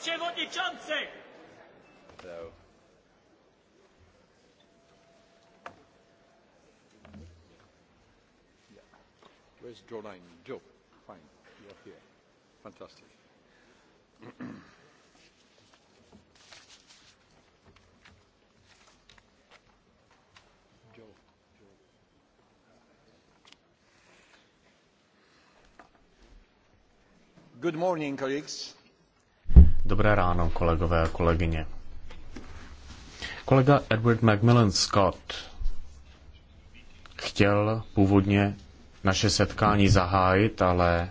przewodniczący! So. Yeah. Where's draw line? Joe, fine, you're here. Fantastic. Good morning, colleagues. Dobré ráno, kolegové a kolegyně. Kolega Edward Macmillan Scott chtěl původně naše setkání zahájit, ale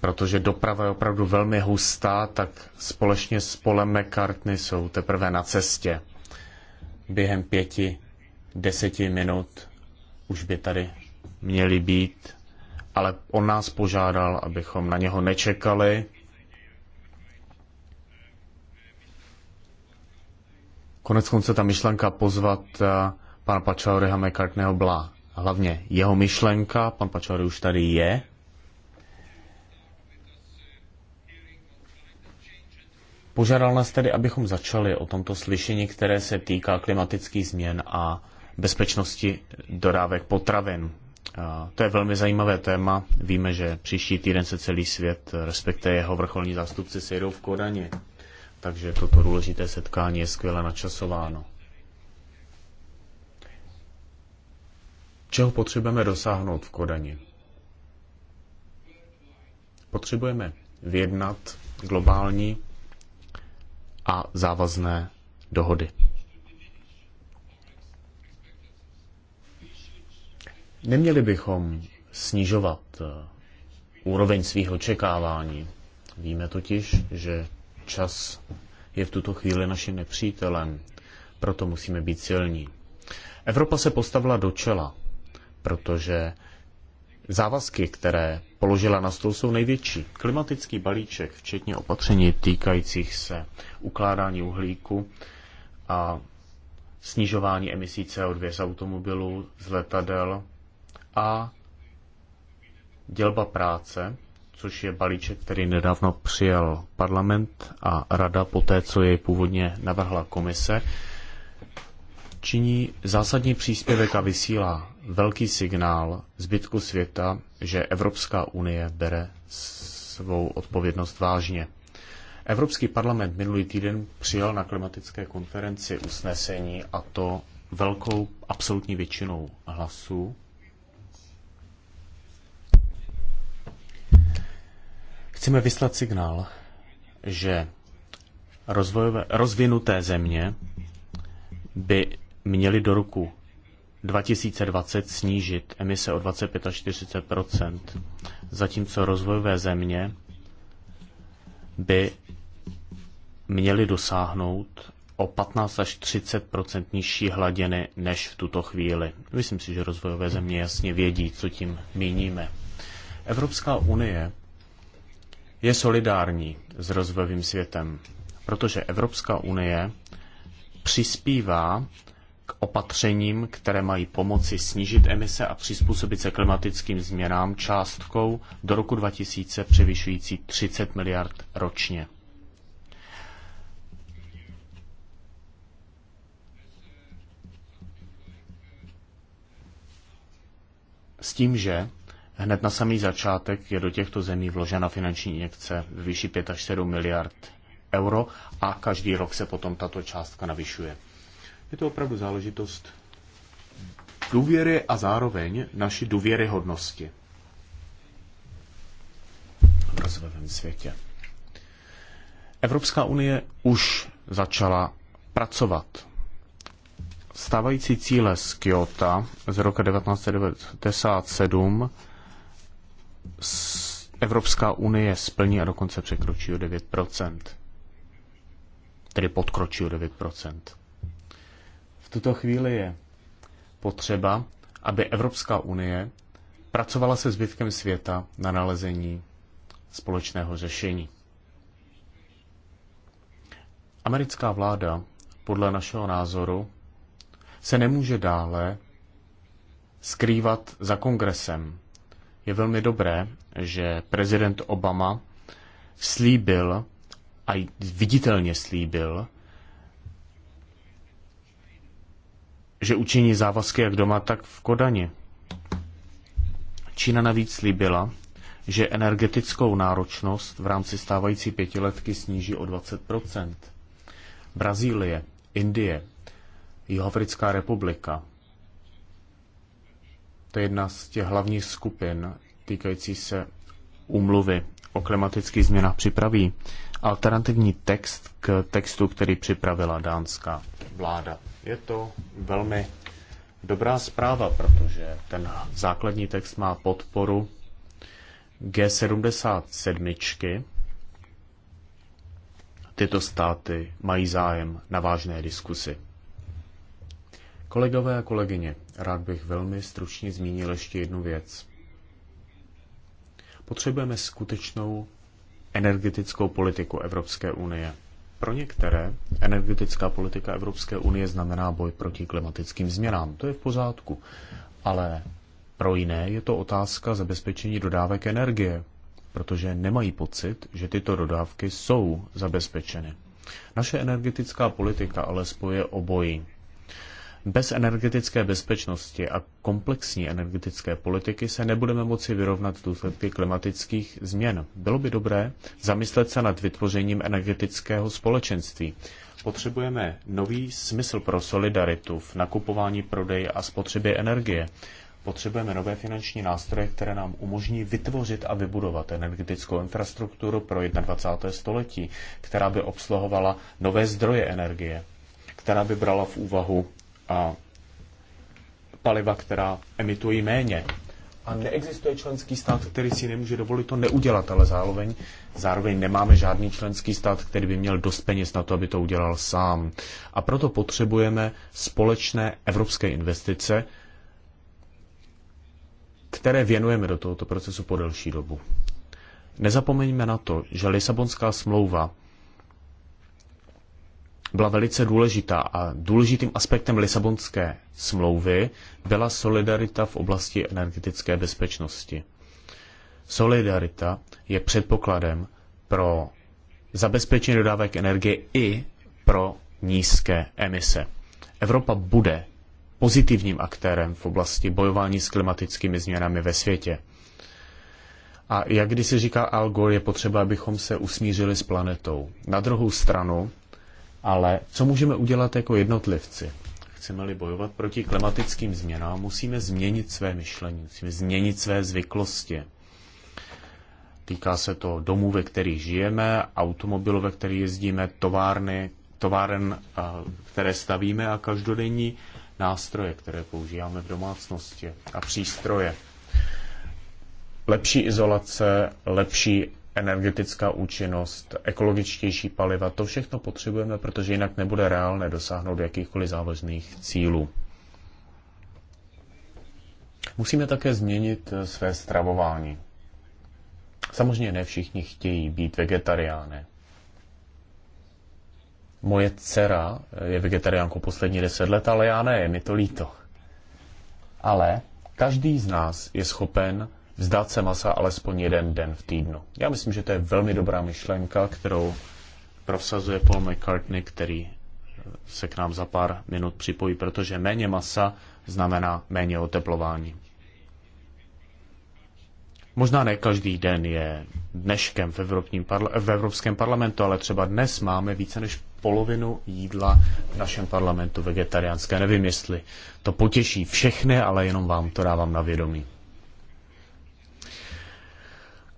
protože doprava je opravdu velmi hustá, tak společně s Polem McCartney jsou teprve na cestě. Během pěti, deseti minut už by tady měli být, ale on nás požádal, abychom na něho nečekali, Konec konce ta myšlenka pozvat eh, pana Pačaureha McCartneyho byla hlavně jeho myšlenka, pan Pačaury už tady je. Požádal nás tedy, abychom začali o tomto slyšení, které se týká klimatických změn a bezpečnosti dodávek potravin. Eh, to je velmi zajímavé téma. Víme, že příští týden se celý svět, eh, respektive jeho vrcholní zástupci, sejdou v Kodani takže toto důležité setkání je skvěle načasováno. Čeho potřebujeme dosáhnout v Kodani? Potřebujeme vyjednat globální a závazné dohody. Neměli bychom snižovat eh, úroveň svých očekávání. Víme totiž, že Čas je v tuto chvíli naším nepřítelem, proto musíme být silní. Evropa se postavila do čela, protože závazky, které položila na stůl, jsou největší. Klimatický balíček, včetně opatření týkajících se ukládání uhlíku a snižování emisí CO2 z automobilů, z letadel a dělba práce což je balíček, který nedávno přijal parlament a rada po té, co jej původně navrhla komise, činí zásadní příspěvek a vysílá velký signál zbytku světa, že Evropská unie bere svou odpovědnost vážně. Evropský parlament minulý týden přijal na klimatické konferenci usnesení a to velkou absolutní většinou hlasů Chceme vyslat signál, že rozvojové, rozvinuté země by měly do roku 2020 snížit emise o 25 až 40 zatímco rozvojové země by měly dosáhnout o 15 až 30 nižší hladiny než v tuto chvíli. Myslím si, že rozvojové země jasně vědí, co tím míníme. Evropská unie je solidární s rozvojovým světem, protože Evropská unie přispívá k opatřením, které mají pomoci snížit emise a přizpůsobit se klimatickým změnám částkou do roku 2000 převyšující 30 miliard ročně. S tím, že Hned na samý začátek je do těchto zemí vložena finanční injekce v výši 5 až 7 miliard euro a každý rok se potom tato částka navyšuje. Je to opravdu záležitost důvěry a zároveň naší důvěryhodnosti v rozvojovém světě. Evropská unie už začala pracovat. Stávající cíle z Kyoto z roku 1997 Evropská unie splní a dokonce překročí o 9%. Tedy podkročí o 9%. V tuto chvíli je potřeba, aby Evropská unie pracovala se zbytkem světa na nalezení společného řešení. Americká vláda, podle našeho názoru, se nemůže dále skrývat za kongresem, je velmi dobré, že prezident Obama slíbil a viditelně slíbil, že učiní závazky jak doma, tak v Kodani. Čína navíc slíbila, že energetickou náročnost v rámci stávající pětiletky sníží o 20 Brazílie, Indie, Jihoafrická republika, to je jedna z těch hlavních skupin týkající se úmluvy o klimatických změnách připraví alternativní text k textu, který připravila dánská vláda. Je to velmi dobrá zpráva, protože ten základní text má podporu G77. Tyto státy mají zájem na vážné diskusy. Kolegové a kolegyně, rád bych velmi stručně zmínil ještě jednu věc. Potřebujeme skutečnou energetickou politiku Evropské unie. Pro některé energetická politika Evropské unie znamená boj proti klimatickým změnám. To je v pořádku. Ale pro jiné je to otázka zabezpečení dodávek energie, protože nemají pocit, že tyto dodávky jsou zabezpečeny. Naše energetická politika ale spoje obojí. Bez energetické bezpečnosti a komplexní energetické politiky se nebudeme moci vyrovnat důsledky klimatických změn. Bylo by dobré zamyslet se nad vytvořením energetického společenství. Potřebujeme nový smysl pro solidaritu v nakupování, prodeji a spotřebě energie. Potřebujeme nové finanční nástroje, které nám umožní vytvořit a vybudovat energetickou infrastrukturu pro 21. století, která by obsluhovala nové zdroje energie, která by brala v úvahu a paliva, která emitují méně. A neexistuje členský stát, který si nemůže dovolit to neudělat, ale zároveň, zároveň nemáme žádný členský stát, který by měl dost peněz na to, aby to udělal sám. A proto potřebujeme společné evropské investice, které věnujeme do tohoto procesu po delší dobu. Nezapomeňme na to, že Lisabonská smlouva byla velice důležitá a důležitým aspektem Lisabonské smlouvy byla solidarita v oblasti energetické bezpečnosti. Solidarita je předpokladem pro zabezpečení dodávek energie i pro nízké emise. Evropa bude pozitivním aktérem v oblasti bojování s klimatickými změnami ve světě. A jak když se říká Al Gore, je potřeba, abychom se usmířili s planetou. Na druhou stranu ale co můžeme udělat jako jednotlivci? Chceme-li bojovat proti klimatickým změnám, musíme změnit své myšlení, musíme změnit své zvyklosti. Týká se to domů, ve kterých žijeme, automobilu, ve kterých jezdíme, továrny, továren, eh, které stavíme a každodenní nástroje, které používáme v domácnosti a přístroje. Lepší izolace, lepší energetická účinnost, ekologičtější paliva, to všechno potřebujeme, protože jinak nebude reálné dosáhnout jakýchkoliv závažných cílů. Musíme také změnit eh, své stravování. Samozřejmě ne všichni chtějí být vegetariány. Moje dcera eh, je vegetariánkou poslední deset let, ale já ne, je mi to líto. Ale každý z nás je schopen vzdát se masa alespoň jeden den v týdnu. Já myslím, že to je velmi dobrá myšlenka, kterou prosazuje Paul McCartney, který eh, se k nám za pár minut připojí, protože méně masa znamená méně oteplování. Možná ne každý den je dneškem v, v Evropském parlamentu, ale třeba dnes máme více než polovinu jídla v našem parlamentu vegetariánské. Nevím, jestli to potěší všechny, ale jenom vám to dávám na vědomí.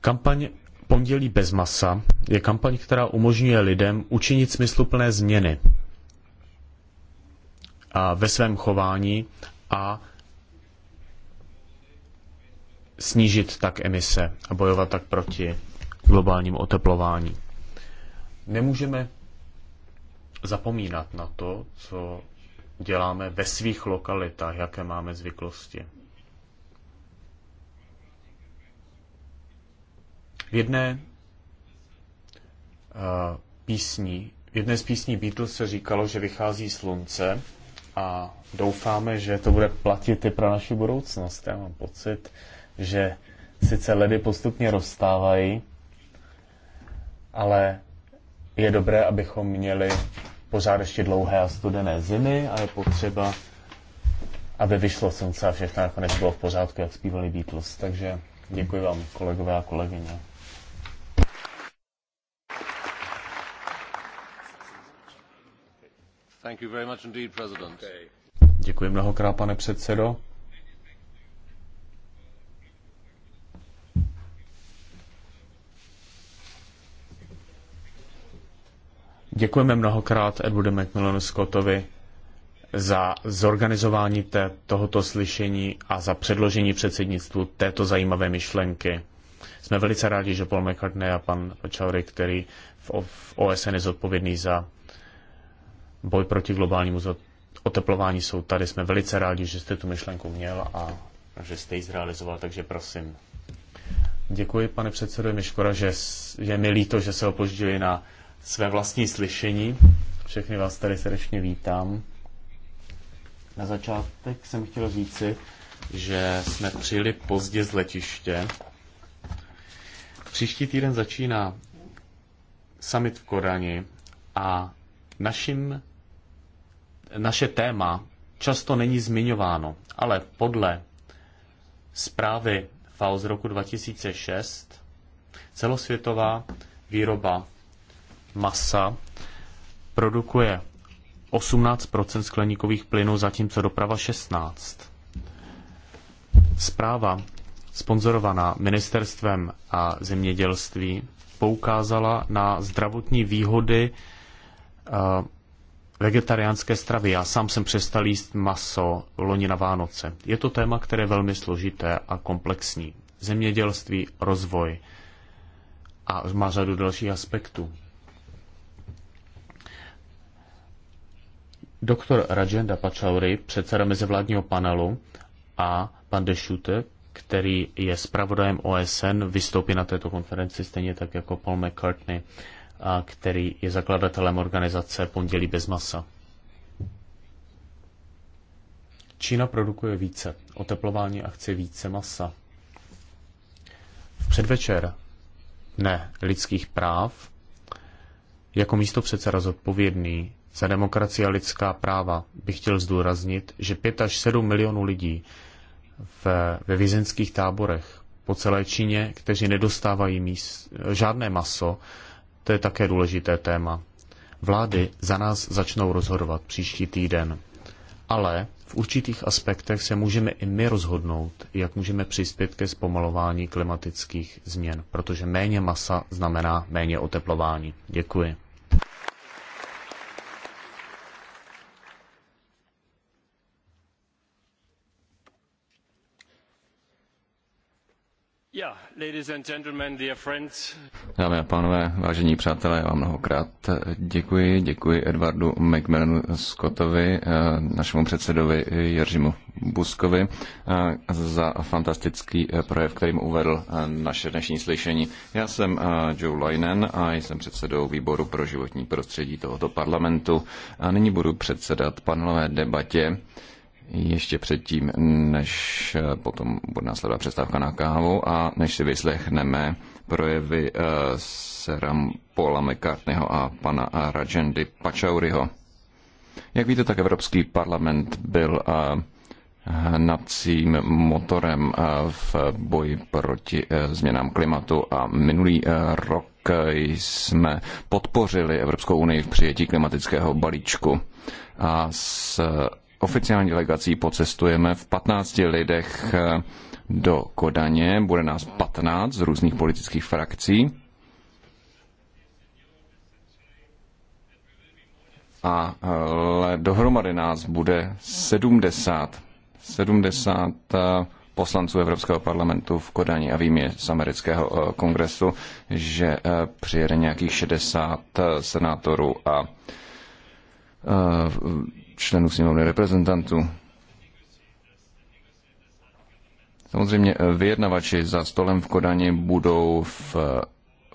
Kampaň Pondělí bez masa je kampaň, která umožňuje lidem učinit smysluplné změny a ve svém chování a snížit tak emise a bojovat tak proti globálnímu oteplování. Nemůžeme zapomínat na to, co děláme ve svých lokalitách, jaké máme zvyklosti. jedné uh, písni, v jedné z písní Beatles se říkalo, že vychází slunce a doufáme, že to bude platit i pro naši budoucnost. Já mám pocit, že sice ledy postupně rozstávají, ale je dobré, abychom měli pořád ještě dlouhé a studené zimy a je potřeba, aby vyšlo slunce a všechno nakonec bylo v pořádku, jak zpívali Beatles. Takže děkuji vám, kolegové a kolegyně. Děkuji mnohokrát, pane předsedo. Děkujeme mnohokrát Edwardu McMillanu Scottovi za zorganizování té, tohoto slyšení a za předložení předsednictvu této zajímavé myšlenky. Jsme velice rádi, že Paul McCartney a pan Čaury, který v OSN je zodpovědný za boj proti globálnímu oteplování jsou tady. Jsme velice rádi, že jste tu myšlenku měl a že jste ji zrealizoval, takže prosím. Děkuji, pane předsedo. Je mi škoda, že je mi líto, že se opožděli na své vlastní slyšení. Všechny vás tady srdečně vítám. Na začátek jsem chtěl říci, že jsme přijeli pozdě z letiště. Příští týden začíná summit v Korani a naším naše téma často není zmiňováno, ale podle zprávy FAO z roku 2006 celosvětová výroba masa produkuje 18 skleníkových plynů, zatímco doprava 16. Zpráva, sponzorovaná ministerstvem a zemědělství, poukázala na zdravotní výhody eh, vegetariánské stravy. Já sám jsem přestal jíst maso loni na Vánoce. Je to téma, které je velmi složité a komplexní. Zemědělství, rozvoj a má řadu dalších aspektů. Doktor Rajenda Pachauri, předseda mezivládního panelu, a pan Dešute, který je zpravodajem OSN, vystoupí na této konferenci stejně tak jako Paul McCartney a který je zakladatelem organizace Pondělí bez masa. Čína produkuje více oteplování a chce více masa. V předvečer ne lidských práv, jako místo předseda zodpovědný za demokracii a lidská práva bych chtěl zdůraznit, že 5 až 7 milionů lidí v, ve vězenských táborech po celé Číně, kteří nedostávají míst, žádné maso, to je také důležité téma. Vlády za nás začnou rozhodovat příští týden, ale v určitých aspektech se můžeme i my rozhodnout, jak můžeme přispět ke zpomalování klimatických změn, protože méně masa znamená méně oteplování. Děkuji. Dámy a pánové, vážení přátelé, já vám mnohokrát děkuji. Děkuji Edwardu McMahonu Scottovi, eh, našemu předsedovi Jiřímu Buskovi eh, za fantastický eh, projev, kterým uvedl naše dnešní slyšení. Já jsem Joe Leinen a jsem předsedou výboru pro životní prostředí tohoto parlamentu a nyní budu předsedat panelové debatě ještě předtím, než eh, potom bude následovat přestávka na kávu a než si vyslechneme projevy uh, eh, Seram Paula McCartneyho a pana eh, Rajendy Pachauriho. Jak víte, tak Evropský parlament byl uh, hnacím motorem v boji proti změnám klimatu a minulý rok jsme podpořili Evropskou unii v přijetí klimatického balíčku a s oficiální delegací pocestujeme v 15 lidech eh, do Kodaně. Bude nás 15 z různých politických frakcí. A eh, dohromady nás bude 70. 70 eh, poslanců Evropského parlamentu v Kodani a vím je z amerického kongresu, že přijede nějakých 60 senátorů a členů sněmovny reprezentantů. Samozřejmě eh, vyjednavači za stolem v Kodani budou, v, eh,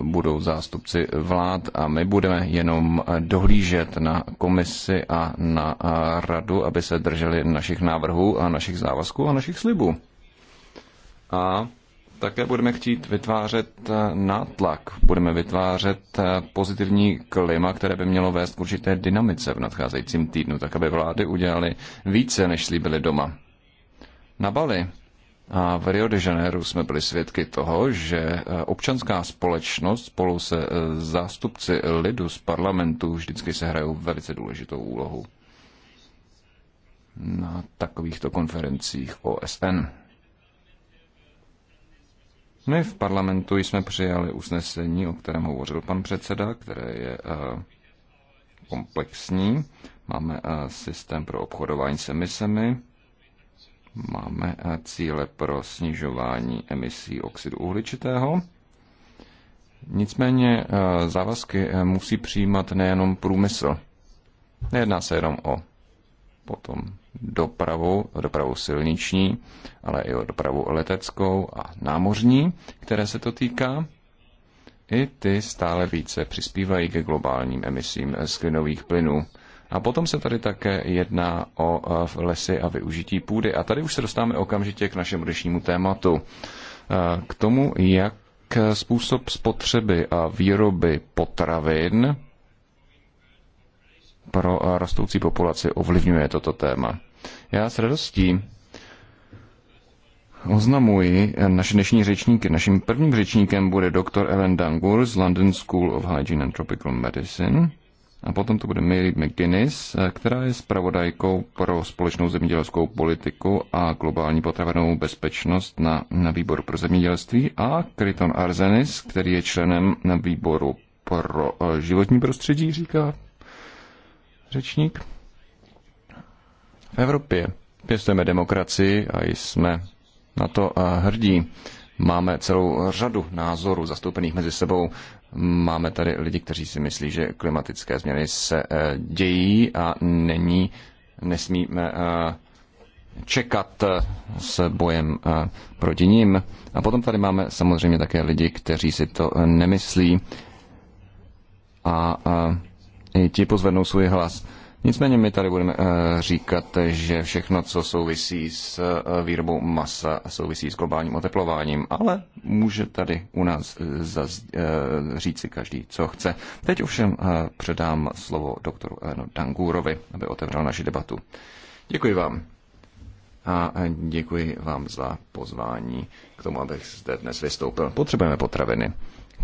budou zástupci vlád a my budeme jenom eh, dohlížet na komisi a na radu, aby se drželi našich návrhů a našich závazků a našich slibů. A také budeme chtít vytvářet eh, nátlak, budeme vytvářet eh, pozitivní klima, které by mělo vést k určité dynamice v nadcházejícím týdnu, tak aby vlády udělaly více, než slíbily doma. Na Bali a v Rio de Janeiro jsme byli svědky toho, že eh, občanská společnost spolu se zástupci lidu z parlamentu vždycky se hrajou velice důležitou úlohu na takovýchto konferencích OSN. My v parlamentu jsme přijali usnesení, o kterém hovořil pan předseda, které je eh, komplexní. Máme eh, systém pro obchodování s emisemi, máme eh, cíle pro snižování emisí oxidu uhličitého. Nicméně závazky musí přijímat nejenom průmysl. Nejedná se jenom o potom dopravu, dopravu silniční, ale i o dopravu leteckou a námořní, které se to týká. I ty stále více přispívají ke globálním emisím sklinových plynů. A potom se tady také jedná o e, lesy a využití půdy. A tady už se dostáváme okamžitě k našemu dnešnímu tématu. E, k tomu, jak způsob spotřeby a výroby potravin pro rostoucí populaci ovlivňuje toto téma. Já s radostí oznamuji naše dnešní řečníky. Naším prvním řečníkem bude doktor Ellen Dangur z London School of Hygiene and Tropical Medicine. A potom to bude Mary McGuinness, která je zpravodajkou pro společnou zemědělskou politiku a globální potravinovou bezpečnost na, na výboru pro zemědělství a Kryton Arzenis, který je členem na výboru pro eh, životní prostředí, říká řečník. V Evropě pěstujeme demokracii a jsme na to eh, hrdí. Máme celou řadu názorů zastoupených mezi sebou. Máme tady lidi, kteří si myslí, že klimatické změny se eh, dějí a není, nesmíme eh, čekat s bojem proti ním. A potom tady máme samozřejmě také lidi, kteří si to nemyslí a, a i ti pozvednou svůj hlas. Nicméně my tady budeme eh, říkat, že všechno, co souvisí s eh, výrobou masa, souvisí s globálním oteplováním, ale může tady u nás říct eh, říci každý, co chce. Teď ovšem předám slovo doktoru Elenu Dangurovi, aby otevřel naši debatu. Děkuji vám. A děkuji vám za pozvání k tomu, abych zde dnes vystoupil. Potřebujeme potraviny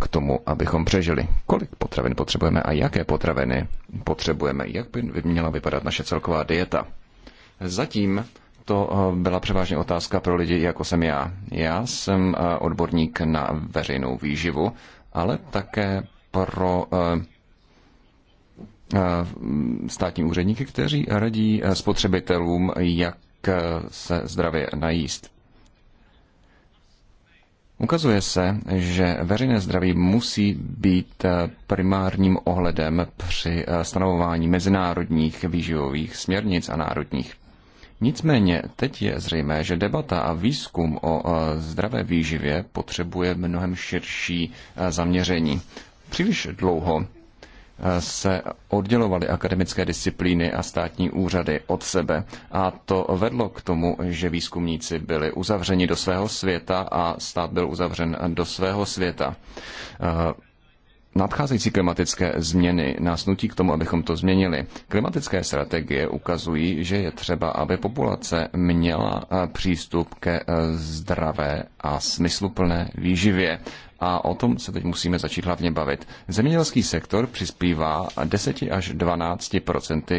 k tomu, abychom přežili. Kolik potravin potřebujeme a jaké potraviny potřebujeme? Jak by měla vypadat naše celková dieta? Zatím to eh, byla převážně otázka pro lidi, jako jsem já. Já jsem eh, odborník na veřejnou výživu, ale také pro eh, státní úředníky, kteří radí spotřebitelům, jak se zdravě najíst. Ukazuje se, že veřejné zdraví musí být eh, primárním ohledem při eh, stanovování mezinárodních výživových směrnic a národních. Nicméně teď je zřejmé, že debata a výzkum o eh, zdravé výživě potřebuje mnohem širší zaměření. Příliš dlouho se oddělovaly akademické disciplíny a státní úřady od sebe. A to vedlo k tomu, že výzkumníci byli uzavřeni do svého světa a stát byl uzavřen do svého světa. Nadcházející klimatické změny nás nutí k tomu, abychom to změnili. Klimatické strategie ukazují, že je třeba, aby populace měla přístup ke zdravé a smysluplné výživě. A o tom se teď musíme začít hlavně bavit. Zemědělský sektor přispívá 10 až 12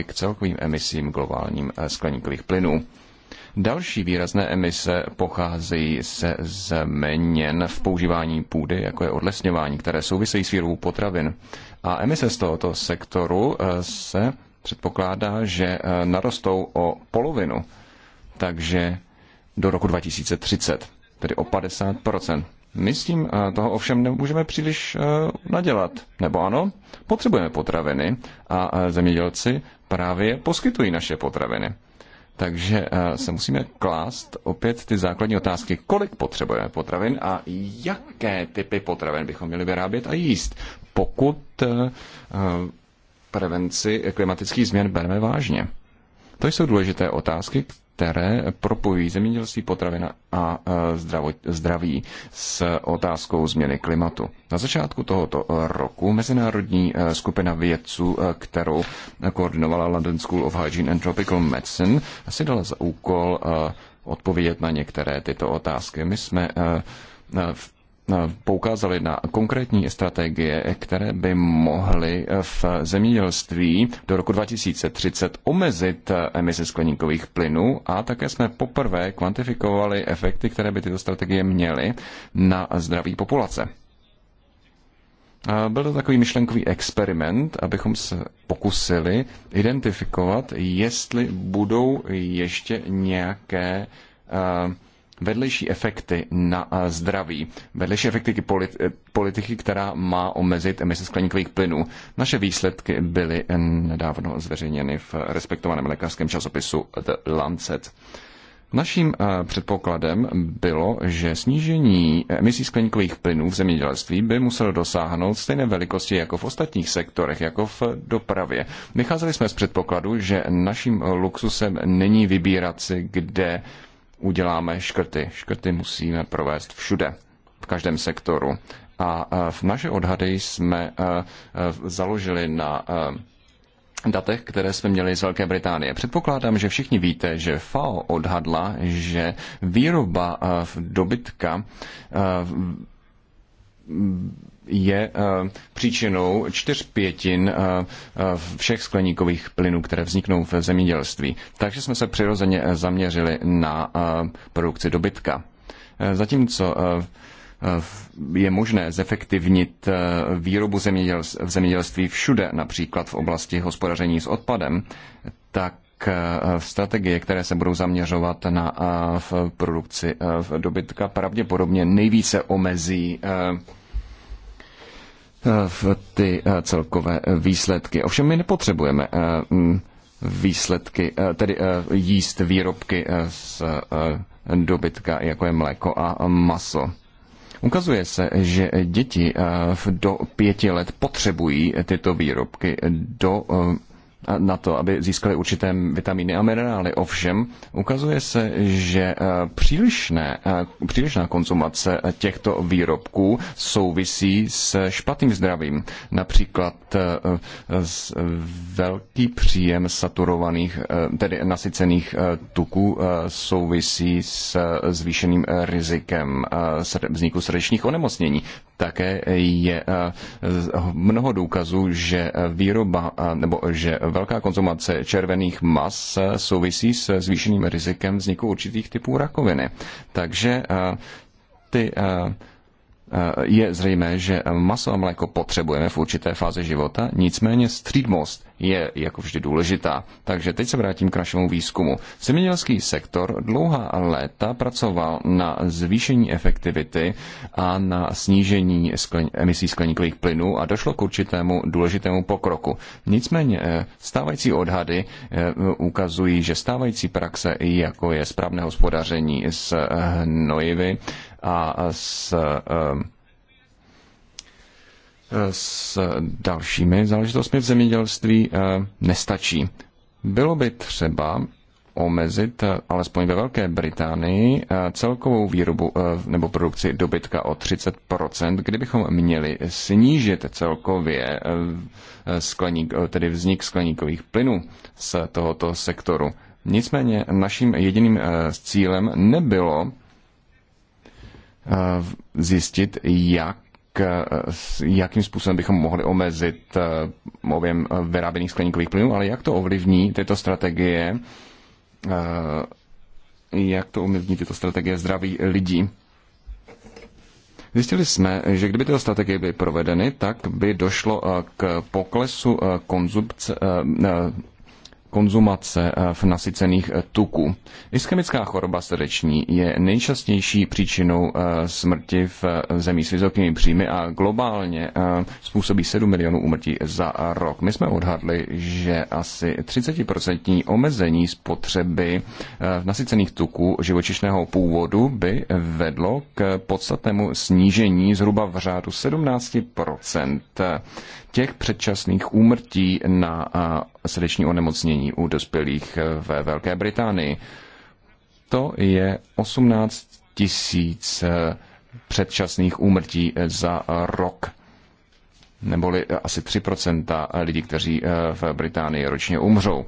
k celkovým emisím globálním eh, skleníkových plynů. Další výrazné emise pocházejí se změněn v používání půdy, jako je odlesňování, které souvisejí s výrobou potravin. A emise z tohoto sektoru eh, se předpokládá, že eh, narostou o polovinu, takže do roku 2030, tedy o 50 my s tím eh, toho ovšem nemůžeme příliš eh, nadělat. Nebo ano, potřebujeme potraviny a eh, zemědělci právě poskytují naše potraviny. Takže se musíme klást opět ty základní otázky, kolik potřebujeme potravin a jaké typy potravin bychom měli vyrábět a jíst, pokud prevenci klimatických změn bereme vážně. To jsou důležité otázky, které propojují zemědělství, potravina a e, zdraví s otázkou změny klimatu. Na začátku tohoto e, roku mezinárodní e, skupina vědců, kterou koordinovala London School of Hygiene and Tropical Medicine, si dala za úkol odpovědět na některé tyto otázky. My jsme v Eh, poukázali na konkrétní strategie, které by mohly eh, v zemědělství do roku 2030 omezit eh, emise skleníkových plynů a také jsme poprvé kvantifikovali efekty, které by tyto strategie měly na zdraví populace. Byl to takový myšlenkový experiment, abychom se pokusili identifikovat, jestli budou ještě nějaké uh, vedlejší efekty na eh, zdraví, vedlejší efekty eh, politiky, která má omezit emise skleníkových plynů. Naše výsledky byly eh, nedávno zveřejněny v respektovaném lékařském časopisu The Lancet. Naším předpokladem bylo, že snížení emisí skleníkových plynů v zemědělství by muselo dosáhnout stejné velikosti jako v ostatních sektorech, jako v dopravě. Vycházeli jsme z předpokladu, že naším luxusem není vybírat si, kde uděláme škrty. Škrty musíme provést všude, v každém sektoru. A v naše odhady jsme založili na datech, které jsme měli z Velké Británie. Předpokládám, že všichni víte, že FAO odhadla, že výroba dobytka je eh, příčinou čtyř pětin eh, eh, všech skleníkových plynů, které vzniknou v zemědělství. Takže jsme se přirozeně zaměřili na produkci dobytka. Zatímco je možné zefektivnit výrobu v zemědělství všude, například v oblasti hospodaření s odpadem, tak strategie, které se budou zaměřovat na v produkci v dobytka, pravděpodobně nejvíce omezí Eh, v ty eh, celkové eh, výsledky. Ovšem my nepotřebujeme výsledky, tedy jíst výrobky z dobytka, jako je mléko a maso. Ukazuje se, že děti do pěti let potřebují tyto výrobky do na to, aby získali určité vitamíny a minerály. Ovšem, ukazuje se, že eh, přílišné, eh, přílišná konzumace těchto výrobků souvisí s špatným zdravím. Například eh, velký příjem saturovaných, tedy nasycených tuků souvisí s zvýšeným rizikem vzniku srdečních onemocnění. Také je eh, mnoho důkazů, že eh, výroba eh, nebo že velká konzumace červených mas souvisí s zvýšeným rizikem vzniku určitých typů rakoviny. Takže ty Eh, je zřejmé, že maso a mléko potřebujeme v určité fázi života, nicméně střídmost je jako vždy důležitá. Takže teď se vrátím k našemu výzkumu. Zemědělský sektor dlouhá léta pracoval na zvýšení efektivity a na snížení emisí skleníkových plynů a došlo k určitému důležitému pokroku. Nicméně eh, stávající odhady eh, ukazují, že stávající praxe, jako je správné hospodaření s hnojivy, a s ehm, s dalšími záležitostmi v zemědělství ehm, nestačí. Bylo by třeba omezit, eh, alespoň ve Velké Británii, eh, celkovou výrobu eh, nebo produkci dobytka o 30%, kdybychom měli snížit celkově skleník, tedy vznik skleníkových plynů z tohoto sektoru. Nicméně naším jediným cílem nebylo Eh, zjistit, jak eh, jakým způsobem bychom mohli omezit eh, objem vyráběných skleníkových plynů, ale jak to ovlivní tyto strategie, jak to ovlivní tyto strategie zdraví lidí. Zjistili jsme, že kdyby tyto strategie byly provedeny, tak by došlo k poklesu konzumce, konzumace eh, v nasycených eh, tuků. Ischemická choroba srdeční je nejčastější příčinou eh, smrti v zemí s vysokými příjmy a globálně způsobí 7 milionů úmrtí za rok. My jsme odhadli, že asi 30% omezení spotřeby v nasycených tuků živočišného původu by vedlo k podstatnému snížení zhruba v řádu 17% těch předčasných úmrtí na srdeční onemocnění u dospělých e, ve Velké Británii. To je 18 tisíc e, předčasných úmrtí e, za rok neboli asi 3% lidí, kteří v Británii ročně umřou.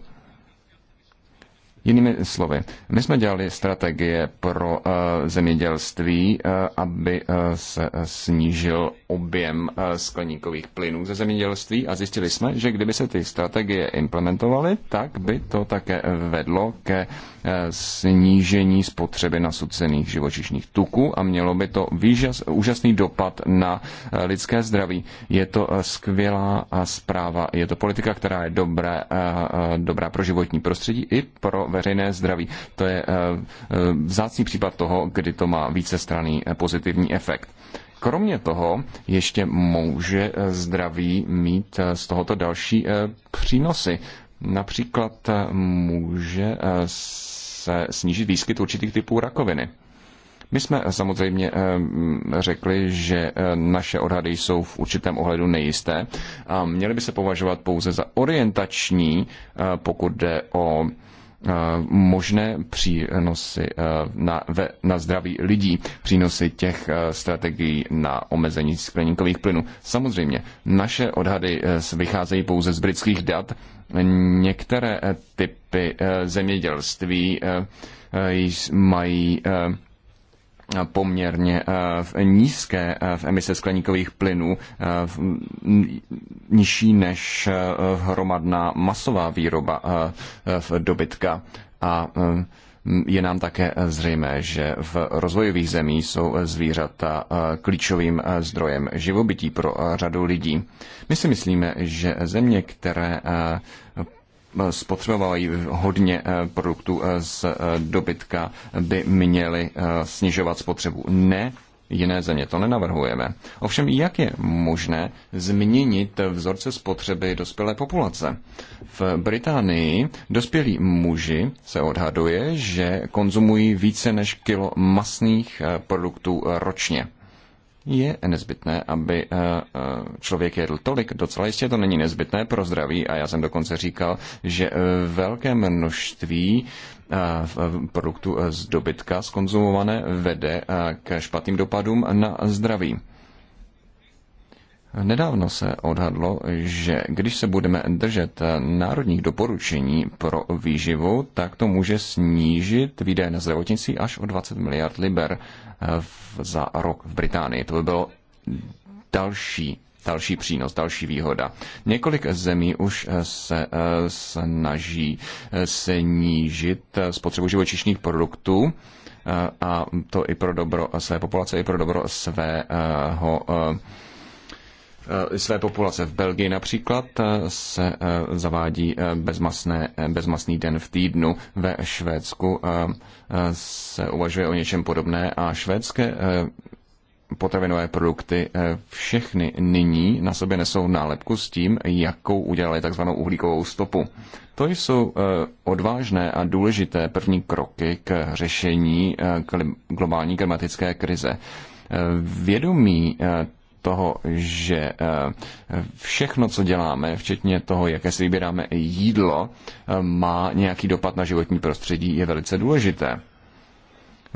Jinými slovy, my jsme dělali strategie pro uh, zemědělství, uh, aby uh, se snížil objem uh, skleníkových plynů ze zemědělství a zjistili jsme, že kdyby se ty strategie implementovaly, tak by to také vedlo ke snížení spotřeby nasucených živočišných tuků a mělo by to výžas, úžasný dopad na eh, lidské zdraví. Je to eh, skvělá eh, zpráva, je to politika, která je dobré, dobrá pro životní prostředí i pro veřejné zdraví. To je vzácný případ toho, kdy to má vícestranný pozitivní efekt. Kromě toho ještě může zdraví mít z tohoto další přínosy. Například může se snížit výskyt určitých typů rakoviny. My jsme samozřejmě eh, řekli, že eh, naše odhady jsou v určitém ohledu nejisté a měly by se považovat pouze za orientační, eh, pokud jde o Eh, možné přínosy eh, na, ve, na zdraví lidí, přínosy těch eh, strategií na omezení skleníkových plynů. Samozřejmě, naše odhady vycházejí pouze z britských dat. Některé typy zemědělství mají poměrně eh, nízké eh, v emise skleníkových plynů, eh, nižší než hromadná masová výroba v dobytka. A mm, je nám také zřejmé, že v rozvojových zemích jsou zvířata klíčovým zdrojem živobytí pro řadu lidí. My si myslíme, že země, které spotřebovávají hodně eh, produktů eh, z eh, dobytka, by měly snižovat spotřebu. Ne, jiné země to nenavrhujeme. Ovšem, jak je možné změnit vzorce spotřeby dospělé populace? V Británii dospělí muži se odhaduje, že konzumují více než kilo masných produktů ročně je nezbytné, aby eh, eh, člověk jedl tolik. Docela jistě to není nezbytné pro zdraví a já jsem dokonce říkal, že eh, velké množství produktů z dobytka skonzumované vede k špatným dopadům na zdraví. Nedávno se odhadlo, že když se budeme držet národních doporučení pro výživu, tak to může snížit výdaje na zdravotnictví až o 20 miliard liber eh, za rok v Británii. To by bylo další další přínos, další výhoda. Několik zemí už eh, se eh, snaží snížit spotřebu živočišných produktů a to i pro dobro své populace, i pro dobro svého Eh, své populace. V Belgii například eh, se eh, zavádí bezmasné, bezmasný den v týdnu. Ve Švédsku se uvažuje o něčem podobné a švédské potravinové produkty všechny nyní na sobě nesou nálepku s tím, jakou udělali takzvanou uhlíkovou stopu. To jsou odvážné a důležité první kroky k řešení globální klimatické krize. Vědomí toho, že eh, všechno, co děláme, včetně toho, jaké si vybíráme jídlo, eh, má nějaký dopad na životní prostředí, je velice důležité.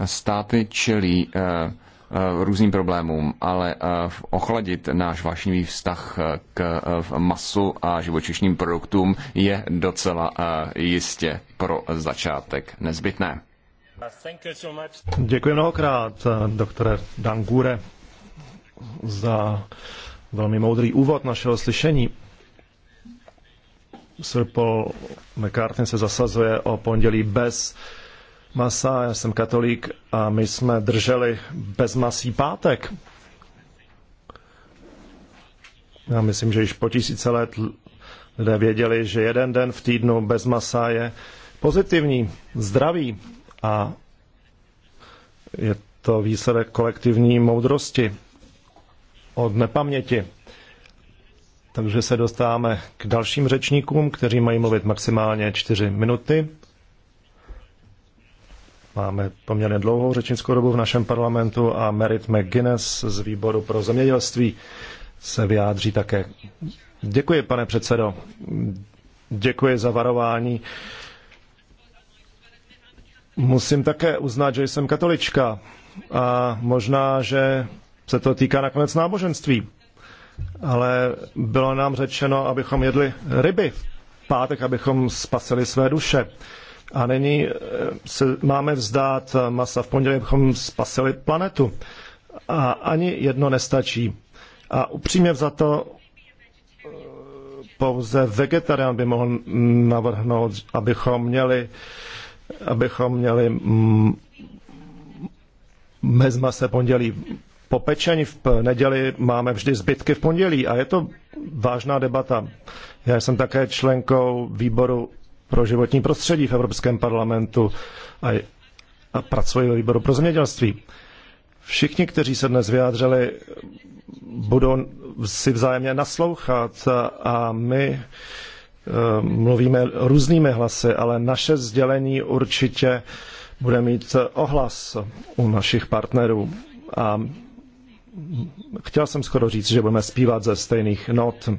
Státy čelí eh, různým problémům, ale ochladit náš vášnivý vztah k masu a živočišným produktům je docela jistě pro začátek nezbytné. Děkuji mnohokrát, doktore Dangure za velmi moudrý úvod našeho slyšení. Sir Paul McCartney se zasazuje o pondělí bez masa, já jsem katolík a my jsme drželi bezmasý pátek. Já myslím, že již po tisíce let lidé věděli, že jeden den v týdnu bez masa je pozitivní, zdravý a je to výsledek kolektivní moudrosti od nepaměti. Takže se dostáváme k dalším řečníkům, kteří mají mluvit maximálně čtyři minuty. Máme poměrně dlouhou řečnickou dobu v našem parlamentu a Merit McGuinness z výboru pro zemědělství se vyjádří také. Děkuji, pane předsedo. Děkuji za varování. Musím také uznat, že jsem katolička a možná, že se to týká nakonec náboženství. Ale bylo nám řečeno, abychom jedli ryby v pátek, abychom spasili své duše. A nyní eh, se máme vzdát masa v pondělí, abychom spasili planetu. A ani jedno nestačí. A upřímně za to eh, pouze vegetarián by mohl navrhnout, abychom měli, abychom měli bez masa pondělí po pečení v neděli máme vždy zbytky v pondělí a je to vážná debata. Já jsem také členkou výboru pro životní prostředí v Evropském parlamentu a, a pracuji ve výboru pro zemědělství. Všichni, kteří se dnes vyjádřili, budou si vzájemně naslouchat a my eh, mluvíme různými hlasy, ale naše sdělení určitě bude mít ohlas u našich partnerů. A chtěl jsem skoro říct, že budeme zpívat ze stejných not.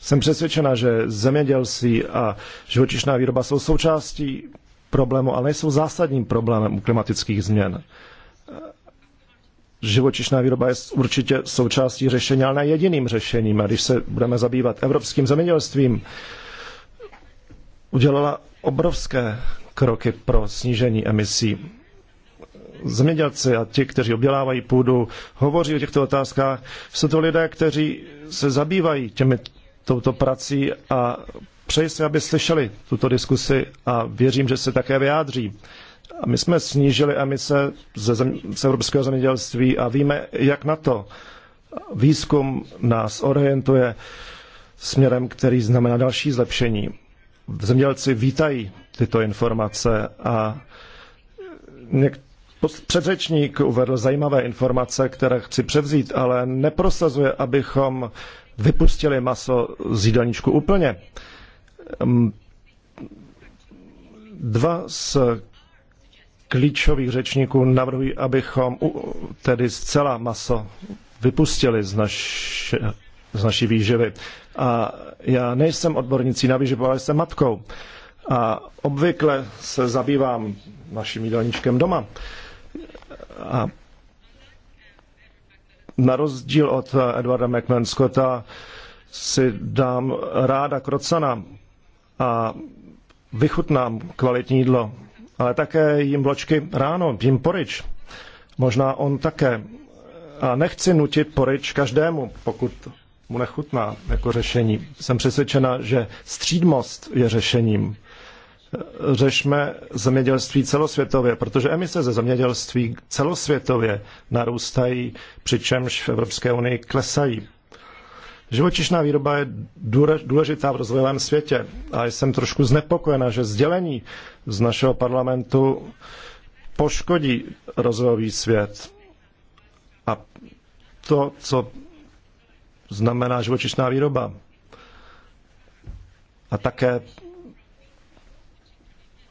Jsem přesvědčena, že zemědělství a živočišná výroba jsou součástí problému, ale nejsou zásadním problémem u klimatických změn. Živočišná výroba je určitě součástí řešení, ale ne jediným řešením. A když se budeme zabývat evropským zemědělstvím, udělala obrovské kroky pro snížení emisí zemědělci a ti, kteří obdělávají půdu, hovoří o těchto otázkách. Jsou to lidé, kteří se zabývají těmi touto prací a přeji se, aby slyšeli tuto diskusi a věřím, že se také vyjádří. A my jsme snížili emise ze zem, z evropského zemědělství a víme, jak na to. Výzkum nás orientuje směrem, který znamená další zlepšení. Zemědělci vítají tyto informace a předřečník uvedl zajímavé informace, které chci převzít, ale neprosazuje, abychom vypustili maso z jídelníčku úplně. Ehm, dva z klíčových řečníků navrhují, abychom tedy zcela maso vypustili z, naš, z naší výživy. A já nejsem odbornicí na výživu, ale jsem matkou. A obvykle se zabývám naším jídelníčkem doma. Uh, a na rozdíl od eh, Edwarda McMahon Scotta si dám ráda krocana a vychutnám kvalitní jídlo, ale také jim vločky ráno, jim porič. Možná on také. A nechci nutit porič každému, pokud mu nechutná jako řešení. Jsem přesvědčena, že střídmost je řešením řešme zemědělství celosvětově, protože emise ze zemědělství celosvětově narůstají, přičemž v Evropské unii klesají. Živočišná výroba je důležitá v rozvojovém světě a jsem trošku znepokojena, že sdělení z našeho parlamentu poškodí rozvojový svět. A to, co znamená živočišná výroba. A také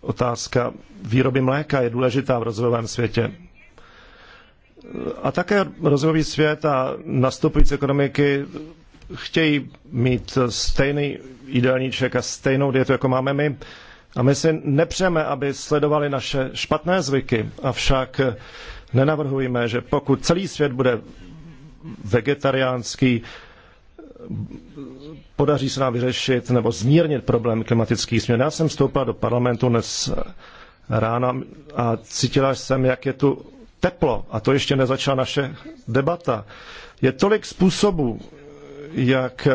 otázka výroby mléka je důležitá v rozvojovém světě. A také rozvojový svět a nastupující ekonomiky chtějí mít stejný jídelníček a stejnou dietu, jako máme my. A my si nepřejeme, aby sledovali naše špatné zvyky, avšak nenavrhujeme, že pokud celý svět bude vegetariánský, podaří se nám vyřešit nebo zmírnit problém klimatických změn. Já jsem vstoupila do parlamentu dnes rána a cítila jsem, jak je tu teplo. A to ještě nezačala naše debata. Je tolik způsobů, jak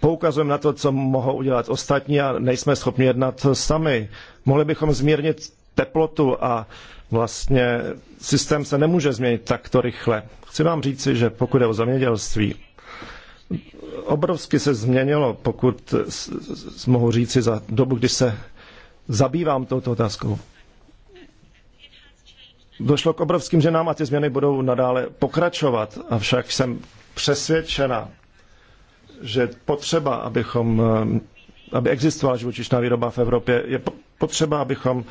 poukazujeme na to, co mohou udělat ostatní a nejsme schopni jednat sami. Mohli bychom zmírnit teplotu a vlastně systém se nemůže změnit takto rychle. Chci vám říci, že pokud je o zemědělství, obrovsky se změnilo, pokud mohu říci za dobu, kdy se zabývám touto otázkou. Došlo k obrovským ženám a ty změny budou nadále pokračovat, avšak jsem přesvědčena, že potřeba, abychom, aby existovala živočišná výroba v Evropě, je potřeba, abychom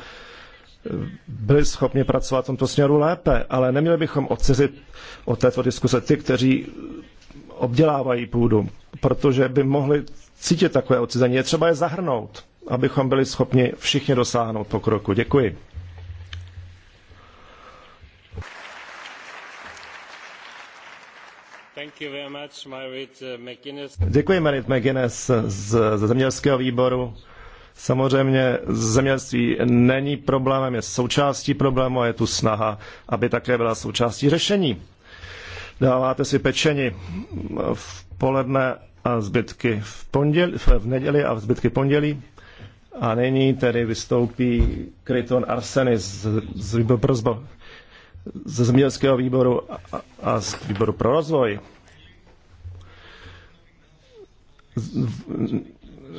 byli schopni pracovat v tomto směru lépe, ale neměli bychom odcizit od této diskuse ty, kteří obdělávají půdu, protože by mohli cítit takové odcizení. Je třeba je zahrnout, abychom byli schopni všichni dosáhnout pokroku. Děkuji. Uh, Děkuji, Merit McGuinness z, zemědělského výboru. Samozřejmě zemědělství není problémem, je součástí problému a je tu snaha, aby také byla součástí řešení dáváte si pečení v poledne a zbytky v, pondělí, v neděli a v zbytky pondělí. A nyní tedy vystoupí Kryton Arsenis z, z, z zemědělského výboru a, a z výboru pro rozvoj.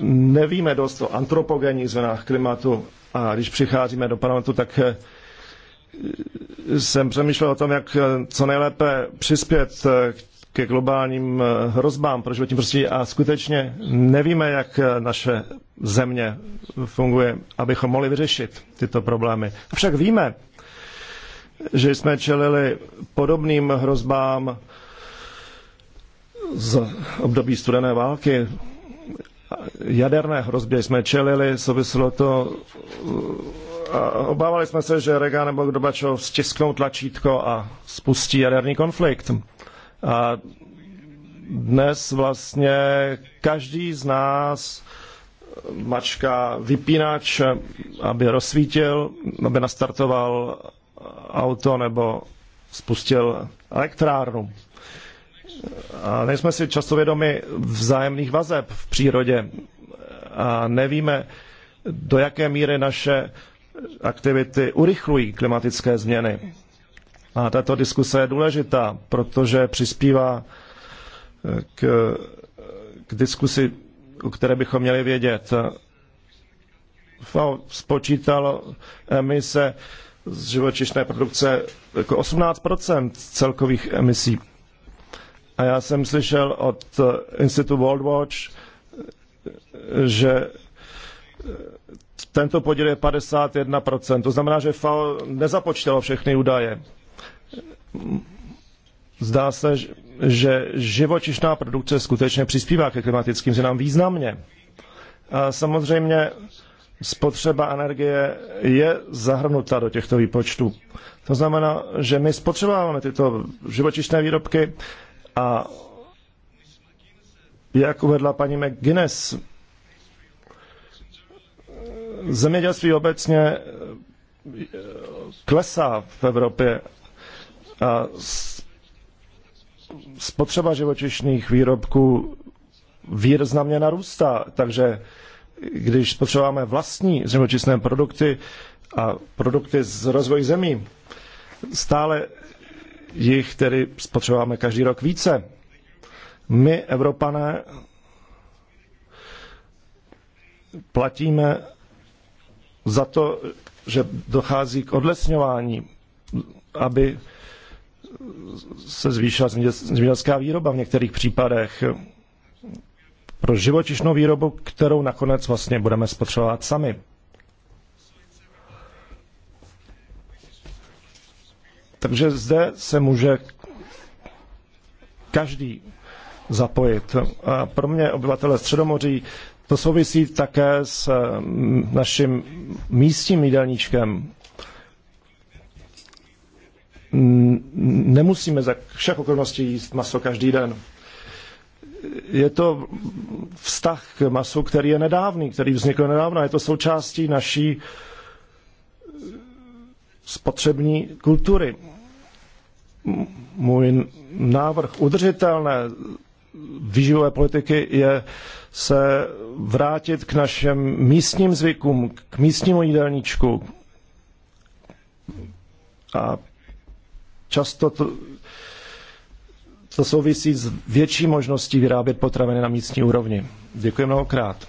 Nevíme dost o antropogenních zvenách klimatu a když přicházíme do parlamentu, tak jsem přemýšlel o tom, jak eh, co nejlépe přispět eh, ke globálním eh, hrozbám pro životní prostředí a skutečně nevíme, jak naše země funguje, abychom mohli vyřešit tyto problémy. Avšak víme, že jsme čelili podobným hrozbám z období studené války. Jaderné hrozbě jsme čelili, souvislo to obávali jsme se, že Reagan nebo Gorbačov stisknou tlačítko a spustí jaderný konflikt. A dnes vlastně každý z nás mačka vypínač, aby rozsvítil, aby nastartoval auto nebo spustil elektrárnu. A nejsme si často vědomi vzájemných vazeb v přírodě a nevíme, do jaké míry naše aktivity urychlují klimatické změny. A tato diskuse je důležitá, protože přispívá eh, k, k diskusi, o které bychom měli vědět. FAO spočítal emise z živočišné produkce jako 18 celkových emisí. A já jsem slyšel od Institutu World Watch, že tento podíl je 51%. To znamená, že FAO nezapočtalo všechny údaje. Zdá se, že živočišná produkce skutečně přispívá ke klimatickým změnám významně. A samozřejmě spotřeba energie je zahrnuta do těchto výpočtů. To znamená, že my spotřebáváme tyto živočišné výrobky a jak uvedla paní McGuinness, Zemědělství obecně eh, klesá v Evropě a spotřeba živočišných výrobků významně narůstá, takže když spotřebáváme vlastní živočišné produkty a produkty z rozvoje zemí, stále jich tedy spotřebáváme každý rok více. My, Evropané, platíme za to, že dochází k odlesňování, aby se zvýšila zemědělská výroba v některých případech pro živočišnou výrobu, kterou nakonec vlastně budeme spotřebovat sami. Takže zde se může každý zapojit. A pro mě obyvatele Středomoří to souvisí také s eh, naším místním jídelníčkem. Nemusíme za všech okolností jíst maso každý den. Je to vztah k masu, který je nedávný, který vznikl nedávno. Je to součástí naší eh, spotřební kultury. Můj návrh udržitelné výživové politiky je se vrátit k našem místním zvykům, k místnímu jídelníčku. A často to, to souvisí s větší možností vyrábět potraviny na místní úrovni. Děkuji mnohokrát.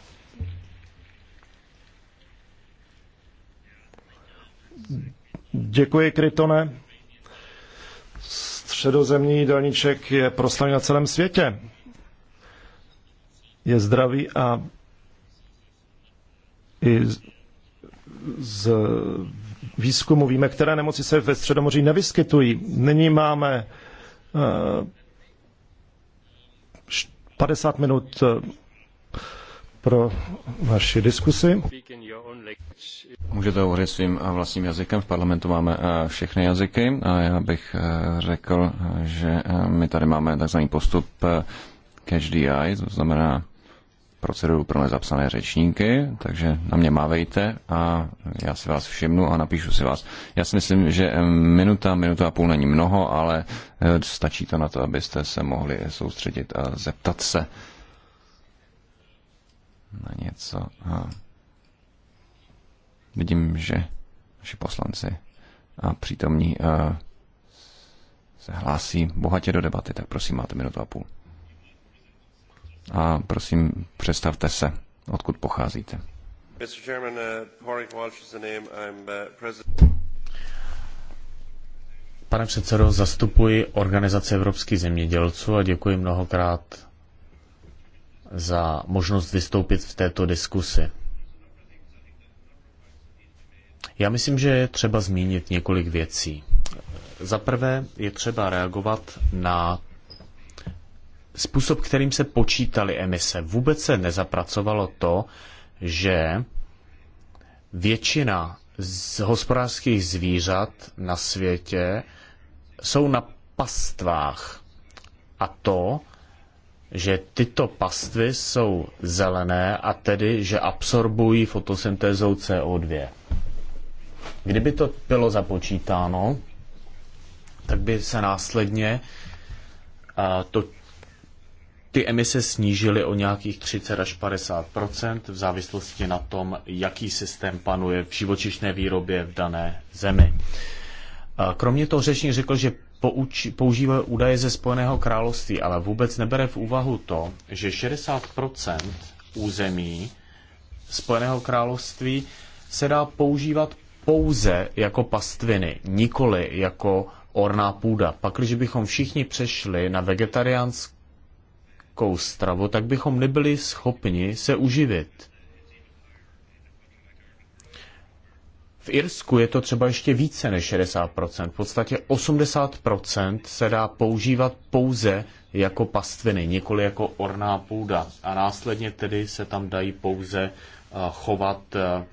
Děkuji, Krytone středozemní jídelníček je proslavený na celém světě. Je zdravý a i z výzkumu víme, které nemoci se ve Středomoří nevyskytují. Nyní máme 50 eh, minut eh, pro vaši diskusi. Můžete hovořit svým eh, vlastním jazykem. V parlamentu máme eh, všechny jazyky a já bych eh, řekl, že my tady máme takzvaný postup catch the eye, to znamená proceduru pro nezapsané řečníky, takže na mě mávejte a já si vás všimnu a napíšu si vás. Já si myslím, že minuta, minuta a půl není mnoho, ale stačí to na to, abyste se mohli soustředit a zeptat se na něco. A vidím, že naši poslanci a přítomní a se hlásí bohatě do debaty, tak prosím, máte minutu a půl. A prosím, představte se, odkud pocházíte. Uh, uh, Pane předsedo, zastupuji Organizaci evropských zemědělců a děkuji mnohokrát za možnost vystoupit v této diskusi. Já myslím, že je třeba zmínit několik věcí. Za prvé je třeba reagovat na způsob, kterým se počítali emise. Vůbec se nezapracovalo to, že většina z hospodářských zvířat na světě jsou na pastvách. A to že tyto pastvy jsou zelené a tedy, že absorbují fotosyntézou CO2. Kdyby to bylo započítáno, tak by se následně to, ty emise snížily o nějakých 30 až 50 v závislosti na tom, jaký systém panuje v živočišné výrobě v dané zemi. Kromě toho řečník řekl, že pouč, používá údaje ze Spojeného království, ale vůbec nebere v úvahu to, že 60% území Spojeného království se dá používat pouze jako pastviny, nikoli jako orná půda. Pak, když bychom všichni přešli na vegetariánskou stravu, tak bychom nebyli schopni se uživit. V Irsku je to třeba ještě více než 60%. V podstatě 80% se dá používat pouze jako pastviny, nikoli jako orná půda. A následně tedy se tam dají pouze eh, chovat eh,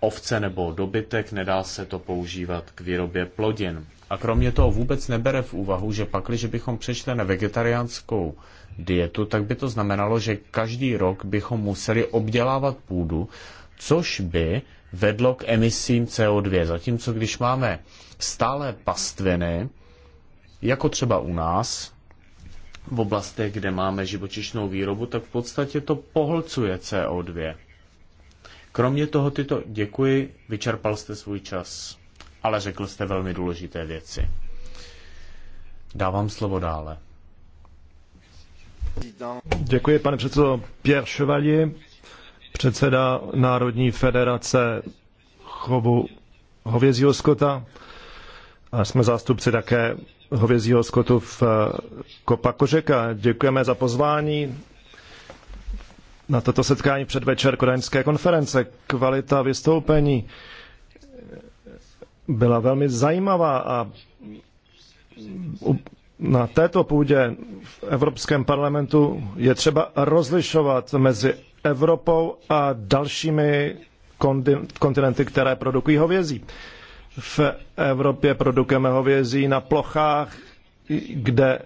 ovce nebo dobytek, nedá se to používat k výrobě plodin. A kromě toho vůbec nebere v úvahu, že pakli, že bychom přešli na vegetariánskou dietu, tak by to znamenalo, že každý rok bychom museli obdělávat půdu, což by vedlo k emisím CO2. Zatímco když máme stále pastviny, jako třeba u nás, v oblastech, kde máme živočišnou výrobu, tak v podstatě to pohlcuje CO2. Kromě toho tyto děkuji, vyčerpal jste svůj čas, ale řekl jste velmi důležité věci. Dávám slovo dále. Děkuji, pane předsedo Pierre Chevalier předseda Národní federace chovu hovězího skota a jsme zástupci také hovězího skotu v eh, Kopakořeka. Děkujeme za pozvání na toto setkání předvečer kodaňské konference. Kvalita vystoupení byla velmi zajímavá a na této půdě v Evropském parlamentu je třeba rozlišovat mezi Evropou a dalšími kontinenty, které produkují hovězí. V Evropě produkujeme hovězí na plochách, kde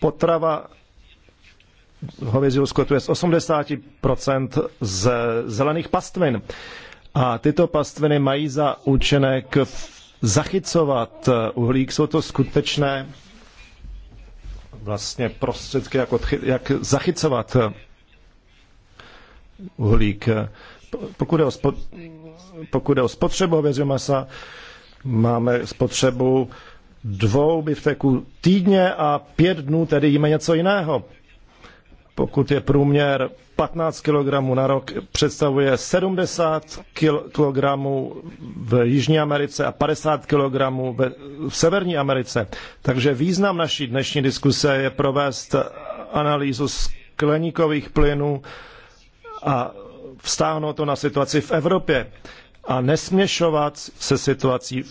potrava hovězího skotu je z 80% z zelených pastvin. A tyto pastviny mají za účinek zachycovat uhlík. Jsou to skutečné vlastně prostředky, jak, odchy, jak zachycovat uhlík. Pokud je o, spo, pokud je o spotřebu hovězího masa, máme spotřebu dvou bifteků týdně a pět dnů tedy jíme něco jiného. Pokud je průměr 15 kg na rok, představuje 70 kg v Jižní Americe a 50 kg v Severní Americe. Takže význam naší dnešní diskuse je provést analýzu skleníkových plynů a vztáhnout to na situaci v Evropě a nesměšovat se situací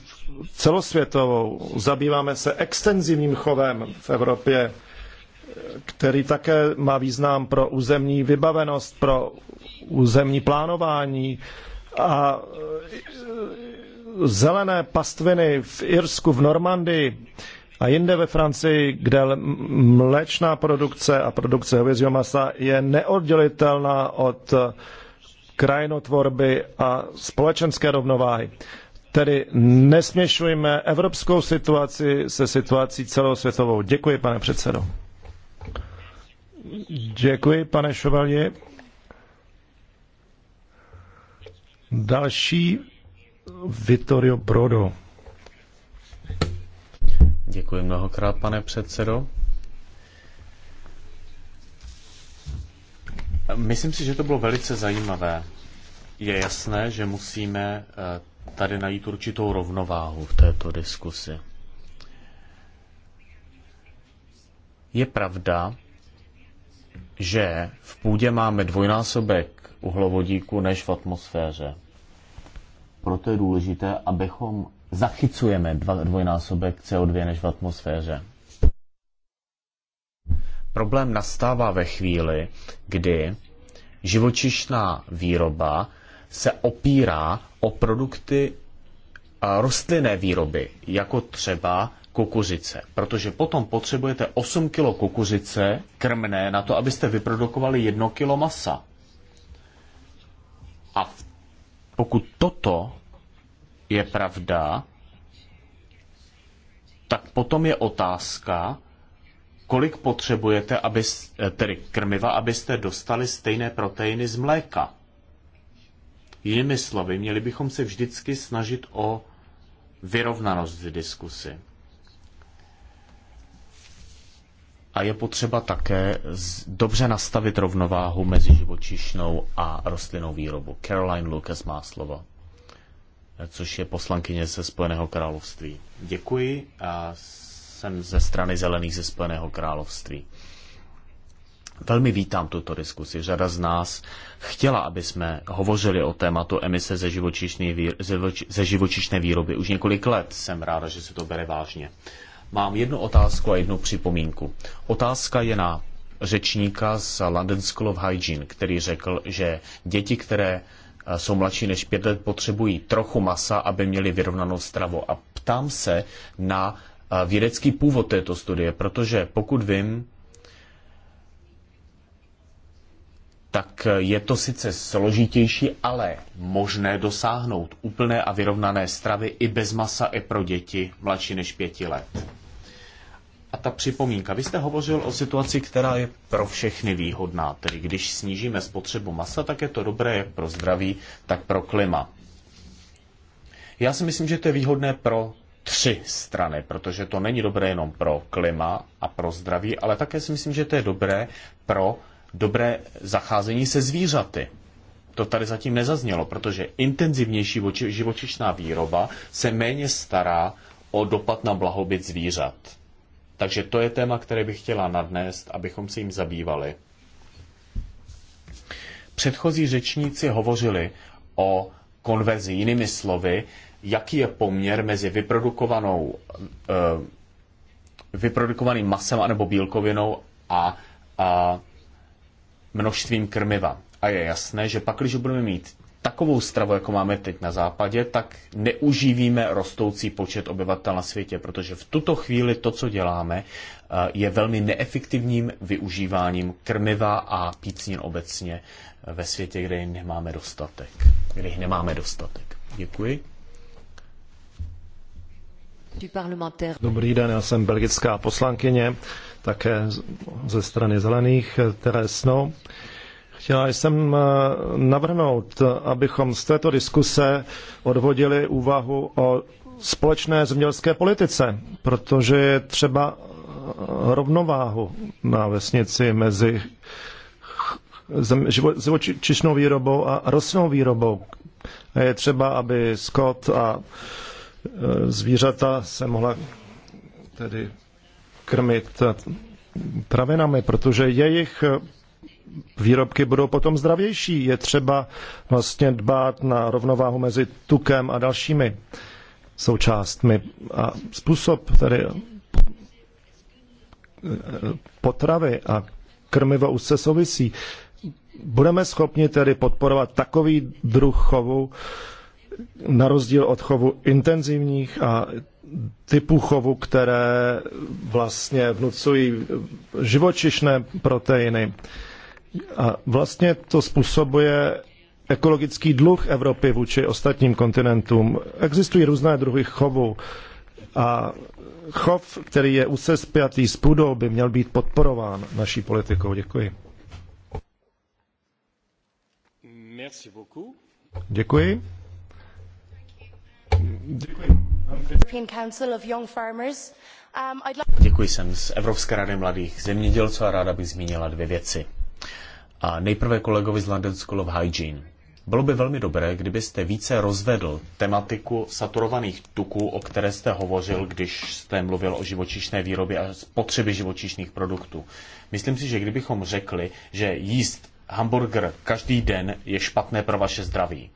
celosvětovou. Zabýváme se extenzivním chovem v Evropě, který také má význam pro územní vybavenost, pro územní plánování a zelené pastviny v Irsku, v Normandii a jinde ve Francii, kde mléčná produkce a produkce hovězího masa je neoddělitelná od eh, krajinotvorby a společenské rovnováhy. Tedy nesměšujme evropskou situaci se situací celosvětovou. Děkuji, pane předsedo. Děkuji, pane Šovalě. Další Vittorio Brodo. Děkuji mnohokrát, pane předsedo. Myslím si, že to bylo velice zajímavé. Je jasné, že musíme eh, tady najít určitou rovnováhu v této diskusi. Je pravda, že v půdě máme dvojnásobek uhlovodíku než v atmosféře. Proto je důležité, abychom zachycujeme dva, dvojnásobek CO2 než v atmosféře. Problém nastává ve chvíli, kdy živočišná výroba se opírá o produkty rostlinné výroby, jako třeba kukuřice, protože potom potřebujete 8 kg kukuřice krmné na to, abyste vyprodukovali 1 kg masa. A pokud toto je pravda, tak potom je otázka, kolik potřebujete, aby, eh, tedy krmiva, abyste dostali stejné proteiny z mléka. Jinými slovy, měli bychom se vždycky snažit o vyrovnanost v diskusi. A je potřeba také dobře nastavit rovnováhu mezi živočišnou a rostlinnou výrobu. Caroline Lucas má slovo což je poslankyně ze Spojeného království. Děkuji a jsem ze strany Zelených ze Spojeného království. Velmi vítám tuto diskusi. Řada z nás chtěla, aby jsme hovořili o tématu emise ze, výro... ze živočišné výroby. Už několik let jsem ráda, že se to bere vážně. Mám jednu otázku a jednu připomínku. Otázka je na řečníka z London School of Hygiene, který řekl, že děti, které jsou mladší než pět let, potřebují trochu masa, aby měli vyrovnanou stravu. A ptám se na vědecký původ této studie, protože pokud vím, tak je to sice složitější, ale možné dosáhnout úplné a vyrovnané stravy i bez masa i pro děti mladší než pěti let. A ta připomínka, vy jste hovořil o situaci, která je pro všechny výhodná, tedy když snížíme spotřebu masa, tak je to dobré jak pro zdraví, tak pro klima. Já si myslím, že to je výhodné pro tři strany, protože to není dobré jenom pro klima a pro zdraví, ale také si myslím, že to je dobré pro dobré zacházení se zvířaty. To tady zatím nezaznělo, protože intenzivnější živočišná výroba se méně stará o dopad na blahobyt zvířat. Takže to je téma, které bych chtěla nadnést, abychom se jim zabývali. Předchozí řečníci hovořili o konverzi, jinými slovy, jaký je poměr mezi vyprodukovanou, eh, vyprodukovaným masem anebo bílkovinou a, a množstvím krmiva. A je jasné, že pak, když budeme mít takovou stravu, jako máme teď na západě, tak neužívíme rostoucí počet obyvatel na světě, protože v tuto chvíli to, co děláme, eh, je velmi neefektivním využíváním krmiva a pícnin obecně ve světě, kde jich nemáme dostatek. Kde jich nemáme dostatek. Děkuji. Dobrý den, já jsem belgická poslankyně, také ze strany zelených, Teresno. No Chtěla jsem eh, navrhnout, abychom z této diskuse odvodili úvahu o společné zemědělské politice, protože je třeba eh, rovnováhu na vesnici mezi živočišnou výrobou a rostlinnou výrobou. A je třeba, aby skot a eh, zvířata se mohla tedy krmit travinami, protože jejich výrobky budou potom zdravější. Je třeba vlastně dbát na rovnováhu mezi tukem a dalšími součástmi. A způsob tedy eh, potravy a krmivo se souvisí. Budeme schopni tedy podporovat takový druh chovu, na rozdíl od chovu intenzivních a typů chovu, které vlastně vnucují živočišné proteiny. A vlastně to způsobuje ekologický dluh Evropy vůči ostatním kontinentům. Existují různé druhy chovu a chov, který je úzce spjatý s půdou, by měl být podporován naší politikou. Děkuji. Merci beaucoup. Děkuji. Um, Děkuji. Děkuji, jsem z Evropské rady mladých zemědělců a ráda bych zmínila dvě věci. A nejprve kolegovi z London School of Hygiene. Bylo by velmi dobré, kdybyste více rozvedl tematiku saturovaných tuků, o které jste hovořil, když jste mluvil o živočišné výrobě a potřeby živočišných produktů. Myslím si, že kdybychom řekli, že jíst hamburger každý den je špatné pro vaše zdraví.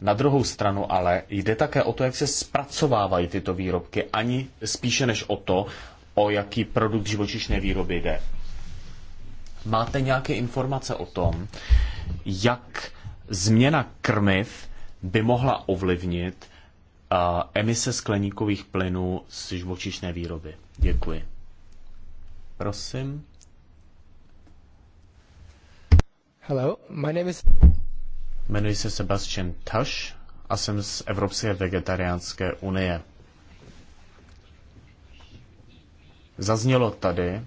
Na druhou stranu ale jde také o to, jak se zpracovávají tyto výrobky, ani spíše než o to, o jaký produkt živočišné výroby jde máte nějaké informace o tom, jak změna krmiv by mohla ovlivnit eh, emise skleníkových plynů z živočišné výroby. Děkuji. Prosím. Hello, my name is... Jmenuji se Sebastian Taš a jsem z Evropské vegetariánské unie. Zaznělo tady,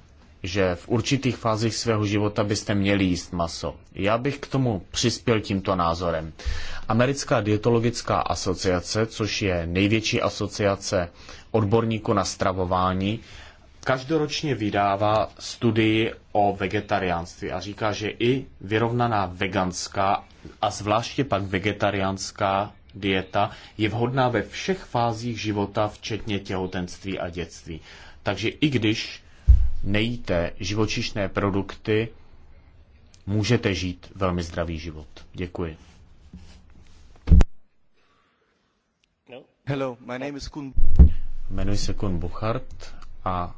že v určitých fázích svého života byste měli jíst maso. Já bych k tomu přispěl tímto názorem. Americká dietologická asociace, což je největší asociace odborníků na stravování, každoročně vydává studii o vegetariánství a říká, že i vyrovnaná veganská a zvláště pak vegetariánská dieta je vhodná ve všech fázích života, včetně těhotenství a dětství. Takže i když nejíte živočišné produkty, můžete žít velmi zdravý život. Děkuji. Hello, my name is Kun. Jmenuji se Kun Buchart a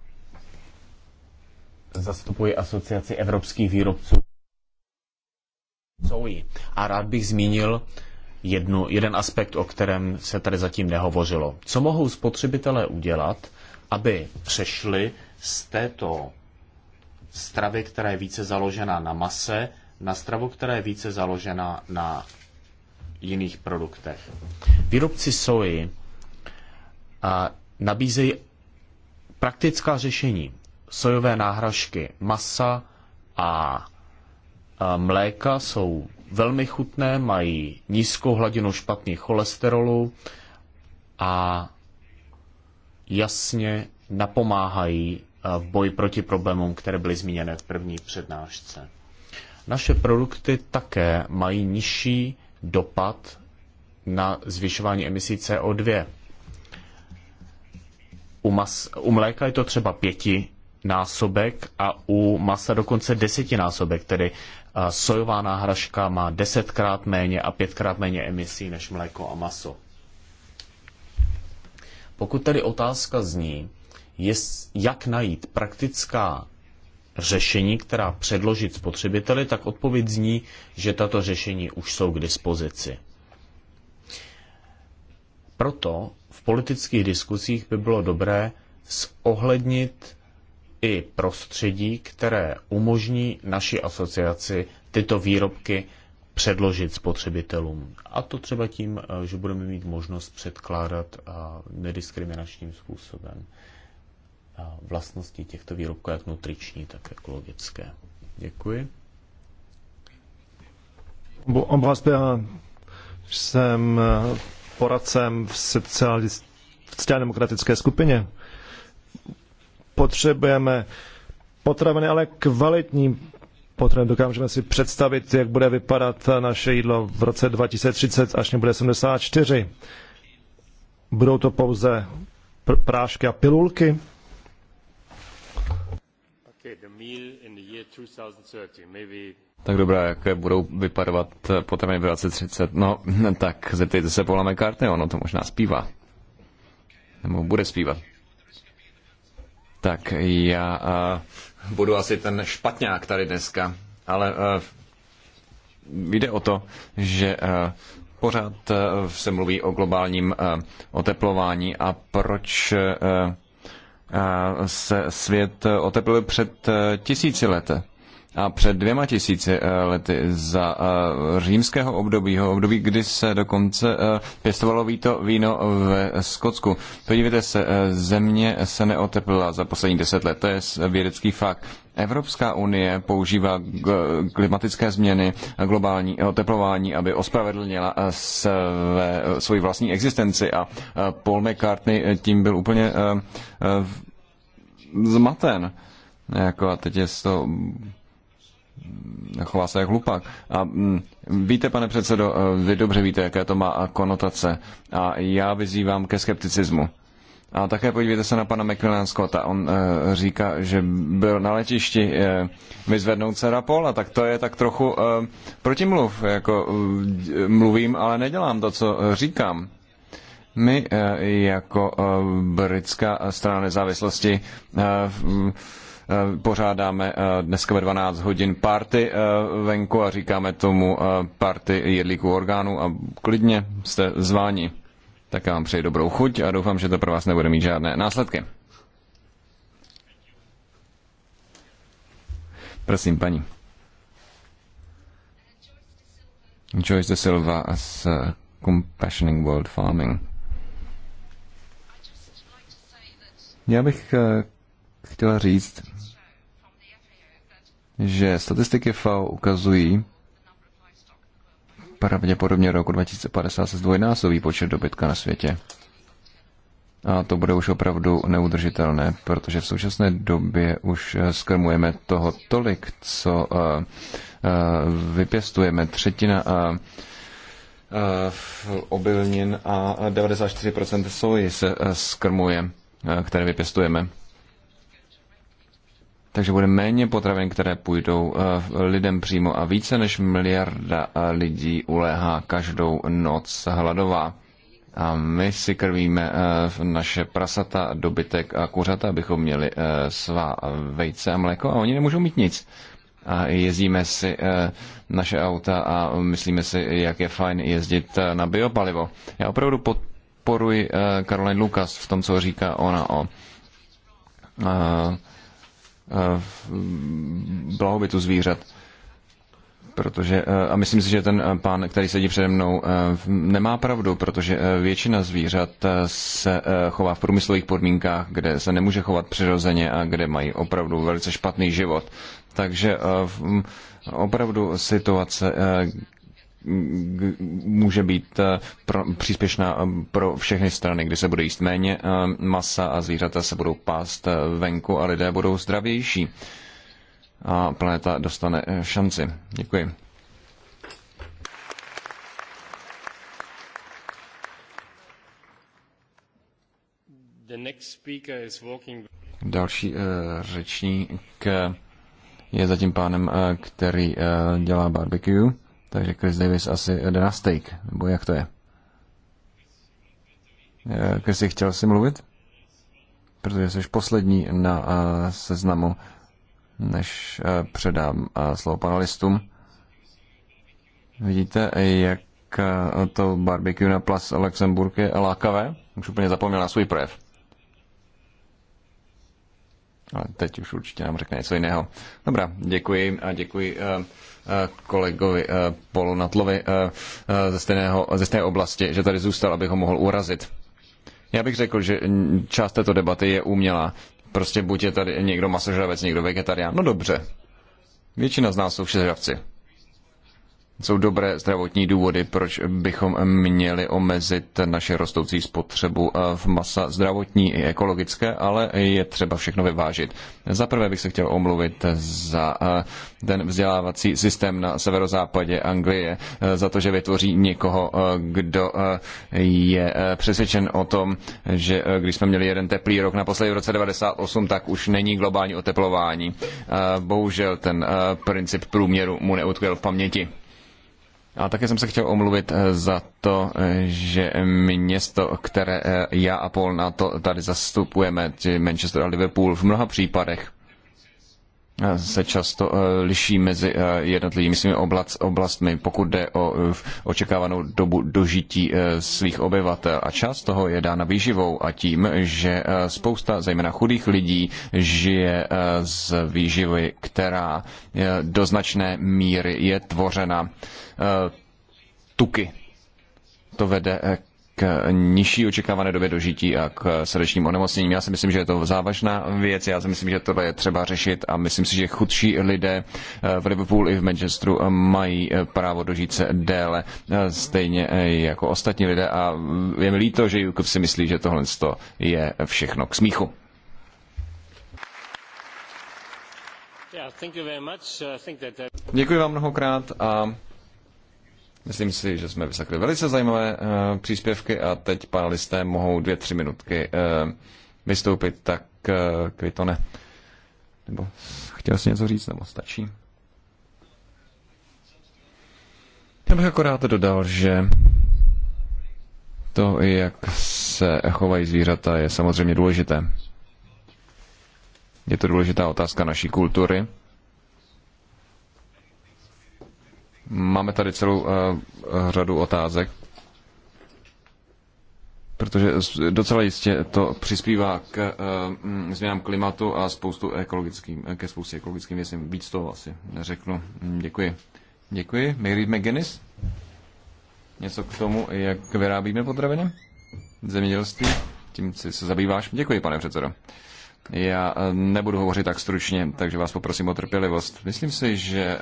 zastupuji asociaci evropských výrobců A rád bych zmínil jednu, jeden aspekt, o kterém se tady zatím nehovořilo. Co mohou spotřebitelé udělat, aby přešli z této stravy, která je více založena na mase, na stravu, která je více založena na jiných produktech. Výrobci soji a nabízejí praktická řešení. Sojové náhražky, masa a mléka jsou velmi chutné, mají nízkou hladinu špatných cholesterolu a jasně napomáhají v boji proti problémům, které byly zmíněny v první přednášce. Naše produkty také mají nižší dopad na zvyšování emisí CO2. U, mas, u mléka je to třeba pěti násobek a u masa dokonce desetinásobek, tedy sojová náhražka má desetkrát méně a pětkrát méně emisí než mléko a maso. Pokud tedy otázka zní, jak najít praktická řešení, která předložit spotřebiteli, tak odpověď zní, že tato řešení už jsou k dispozici. Proto v politických diskusích by bylo dobré zohlednit i prostředí, které umožní naší asociaci tyto výrobky předložit spotřebitelům. A to třeba tím, eh, že budeme mít možnost předkládat eh, nediskriminačním způsobem vlastnosti těchto výrobků, jak nutriční, tak ekologické. Děkuji. Obraz jsem eh, poradcem v sociálně demokratické skupině. Potřebujeme potraviny, ale kvalitní potraviny. Dokážeme si představit, jak bude vypadat naše jídlo v roce 2030, až nebude 74. Budou to pouze prášky a pilulky? Tak dobrá, jak budou vypadovat potraviny v 2030? No, tak zeptejte se Paula McCartney, ono to možná zpívá. Nebo bude zpívat. Tak já uh, budu asi ten špatňák tady dneska, ale uh, jde o to, že uh, pořád uh, se mluví o globálním uh, oteplování a proč uh, se svět oteplil před eh, tisíci lety. A před dvěma tisíci eh, lety za eh, římského období, období, kdy se dokonce pěstovalo víto víno ve Skotsku. Podívejte se, země se neoteplila za poslední deset let, to je vědecký fakt. Evropská unie používá klimatické změny, globální oteplování, aby ospravedlnila své, svoji vlastní existenci a Paul McCartney tím byl úplně zmaten. Jako a teď je to chová se jak hlupak. A mm, víte, pane předsedo, eh, vy dobře víte, jaké to má konotace. A já vyzývám ke skepticismu. A také podívejte se na pana McMillan Scotta. On e, říká, že byl na letišti e, vyzvednout Rapol, a tak to je tak trochu e, protimluv. Jako, e, mluvím, ale nedělám to, co říkám. My eh, jako eh, britská strana nezávislosti eh, mm, pořádáme dneska ve 12 hodin party venku a říkáme tomu party jedlíků orgánů a klidně jste zváni. Tak já vám přeji dobrou chuť a doufám, že to pro vás nebude mít žádné následky. Prosím, paní. Joyce de Silva as uh, Compassioning World Farming. Já bych eh, chtěla říct, že statistiky FAO ukazují, pravděpodobně roku 2050 se zdvojnásobí počet dobytka na světě. A to bude už opravdu neudržitelné, protože v současné době už eh, skrmujeme toho tolik, co eh, vypěstujeme. Třetina uh, obilnin a 94% soji se skrmuje. Eh, které vypěstujeme. Takže bude méně potravin, které půjdou eh, lidem přímo a více než miliarda eh, lidí uléhá každou noc hladová. A my si krvíme naše prasata, dobytek a kuřata, abychom měli svá vejce a mléko a oni nemůžou mít nic. A jezdíme si naše auta a myslíme si, jak je fajn jezdit na biopalivo. Já opravdu pod podporuji eh, Caroline Lucas v tom, co říká ona o eh, eh, blahobytu zvířat. Protože, a myslím si, že ten pán, který sedí přede mnou, nemá pravdu, protože většina zvířat se chová v průmyslových podmínkách, kde se nemůže chovat přirozeně a kde mají opravdu velice špatný život. Takže mm, opravdu situace, může být eh, pro, příspěšná eh, pro všechny strany, kdy se bude jíst méně eh, masa a zvířata se budou pást venku a lidé budou zdravější. A planeta dostane šanci. Děkuji. Walking... Další uh, řečník je zatím pánem, uh, který uh, dělá barbecue. Takže jako Chris Davis asi jde na steak, nebo jak to je? Eh, Chrisi, chtěl jsi mluvit? Protože jsi poslední na eh, seznamu, než eh, předám slovo panelistům. Vidíte, jak to barbecue na Plas Luxemburg je lákavé? Už úplně zapomněl na svůj projev. Ale teď už určitě nám řekne něco jiného. Dobrá, děkuji a děkuji kolegovi eh, Polu Natlovi eh, eh, ze, stejného, ze stejné oblasti, že tady zůstal, abych ho mohl urazit. Já bych řekl, že část této debaty je umělá. Prostě buď je tady někdo masožravec, někdo vegetarián. No dobře. Většina z nás jsou všežravci jsou dobré zdravotní důvody, proč bychom měli omezit naše rostoucí spotřebu eh, v masa zdravotní i ekologické, ale je třeba všechno vyvážit. Za prvé bych se chtěl omluvit za eh, ten vzdělávací systém na severozápadě Anglie, eh, za to, že vytvoří někoho, kdo je přesvědčen o tom, že když jsme měli jeden teplý rok naposledy v roce 98, tak už není globální oteplování. Bohužel ten princip průměru mu neutkvěl v paměti. A také jsem se chtěl omluvit eh, za to, eh, že město, které eh, já a Paul na to tady zastupujeme, Manchester a Liverpool, v mnoha případech Eh, se často eh, liší mezi eh, jednotlivými svými oblastmi, pokud jde o očekávanou dobu dožití svých obyvatel. A část toho je dána výživou a tím, že spousta zejména chudých lidí žije z výživy, která do značné míry je tvořena tuky. To vede k nižší očekávané době dožití a k srdečním onemocněním. Já si myslím, že je to závažná věc, já si myslím, že tohle je třeba řešit a myslím si, že chudší lidé eh, v Liverpool i v Manchesteru eh, mají eh, právo dožít se déle, stejně jako ostatní lidé a mm, je mi líto, že Jukov si myslí, že tohle je všechno k smíchu. Uh, uh, Děkuji vám mnohokrát a Myslím si, že jsme vysakli velice zajímavé uh, příspěvky a teď panelisté mohou dvě, tři minutky uh, vystoupit, tak uh, Kvitone. Nebo chtěl jsi něco říct, nebo stačí? Já bych akorát dodal, že to, jak se chovají zvířata, je samozřejmě důležité. Je to důležitá otázka naší kultury Máme tady celou eh, řadu otázek, protože docela jistě to přispívá k eh, mm, změnám klimatu a spoustu ekologickým, eh, ke spoustě ekologickým věcem. Víc toho asi neřeknu. Děkuji. Děkuji. Mary McGinnis? Něco k tomu, jak vyrábíme potraviny? Zemědělství? Tím si se zabýváš? Děkuji, pane předsedo. Já eh, nebudu hovořit tak stručně, takže vás poprosím o trpělivost. Myslím si, že eh,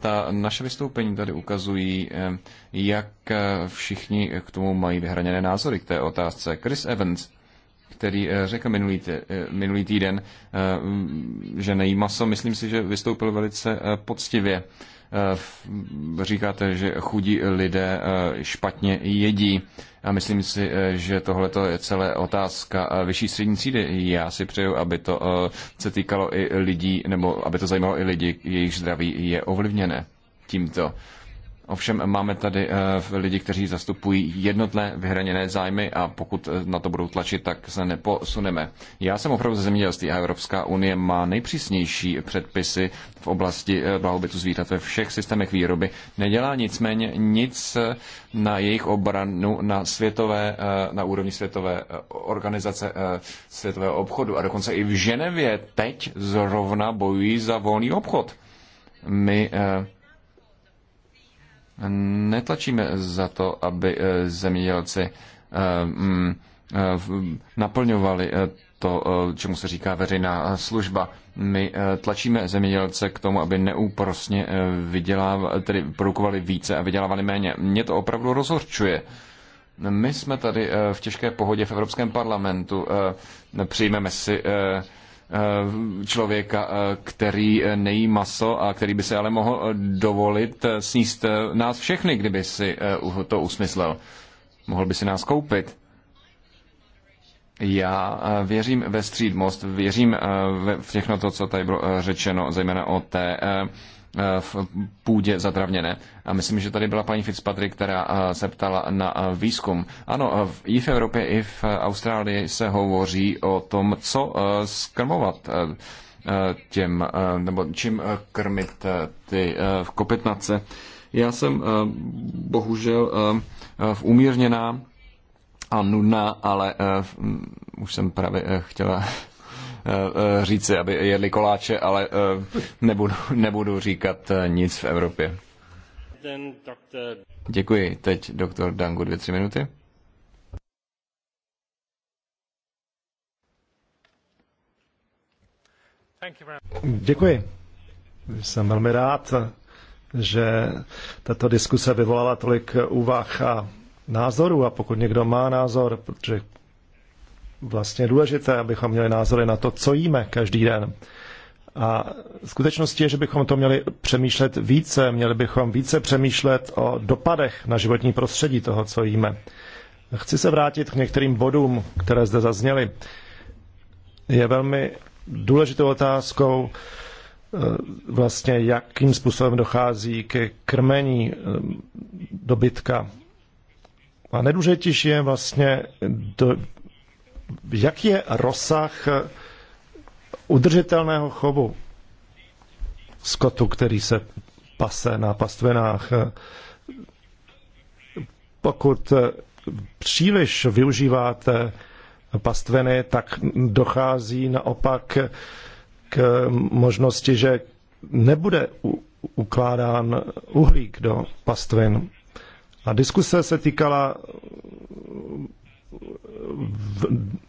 ta naše vystoupení tady ukazují, eh, jak všichni k tomu mají vyhraněné názory k té otázce. Chris Evans, který řekl minulý, tý, minulý týden, že nejí maso, myslím si, že vystoupil velice poctivě Eh, říkáte, že chudí lidé eh, špatně jedí. A myslím si, eh, že tohle je celé otázka vyšší střední třídy. Já si přeju, aby to se týkalo i lidí, nebo aby to zajímalo i lidi, jejich zdraví je ovlivněné tímto. Ovšem máme tady eh, lidi, kteří zastupují jednotné vyhraněné zájmy a pokud eh, na to budou tlačit, tak se neposuneme. Já jsem opravdu ze zemědělství a Evropská unie má nejpřísnější předpisy v oblasti eh, blahobytu zvířat ve všech systémech výroby. Nedělá nicméně nic na jejich obranu na, světové, na úrovni světové organizace světového obchodu. A dokonce i v Ženevě teď zrovna bojují za volný obchod. My netlačíme za to, aby eh, zemědělci eh, mm, eh, naplňovali to, čemu se říká veřejná služba. My tlačíme zemědělce k tomu, aby neúprosně vydělávali, tedy produkovali více a vydělávali méně. Mě to opravdu rozhorčuje. My jsme tady v těžké pohodě v Evropském parlamentu. Přijmeme si Eh, člověka, eh, který eh, nejí maso a který by se ale mohl dovolit sníst nás všechny, kdyby si to usmyslel. Mohl by si nás koupit. Já věřím ve střídmost, věřím ve všechno to, co tady bylo řečeno, zejména o té Eh, v půdě zatravněné. A myslím, že tady byla paní Fitzpatrick, která eh, se ptala na eh, výzkum. Ano, i v Evropě, i v Austrálii se hovoří o tom, co skrmovat těm, nebo čím krmit ty kopytnace. Já jsem bohužel v umírněná a nudná, ale už jsem právě chtěla Eh, říci, aby jedli koláče, ale eh, nebudu, nebudu říkat eh, nic v Evropě. Děkuji. Teď doktor Dangu dvě, tři minuty. Děkuji. Jsem velmi rád, že tato diskuse vyvolala tolik úvah a názorů a pokud někdo má názor, protože vlastně důležité, abychom měli názory na to, co jíme každý den. A skutečností je, že bychom to měli přemýšlet více, měli bychom více přemýšlet o dopadech na životní prostředí toho, co jíme. Chci se vrátit k některým bodům, které zde zazněly. Je velmi důležitou otázkou, eh, vlastně jakým způsobem dochází ke krmení eh, dobytka. A nejdůležitější je vlastně do, jaký je rozsah udržitelného chovu skotu, který se pase na pastvenách. Pokud příliš využíváte pastveny, tak dochází naopak k možnosti, že nebude ukládán uhlík do pastvin. A diskuse se týkala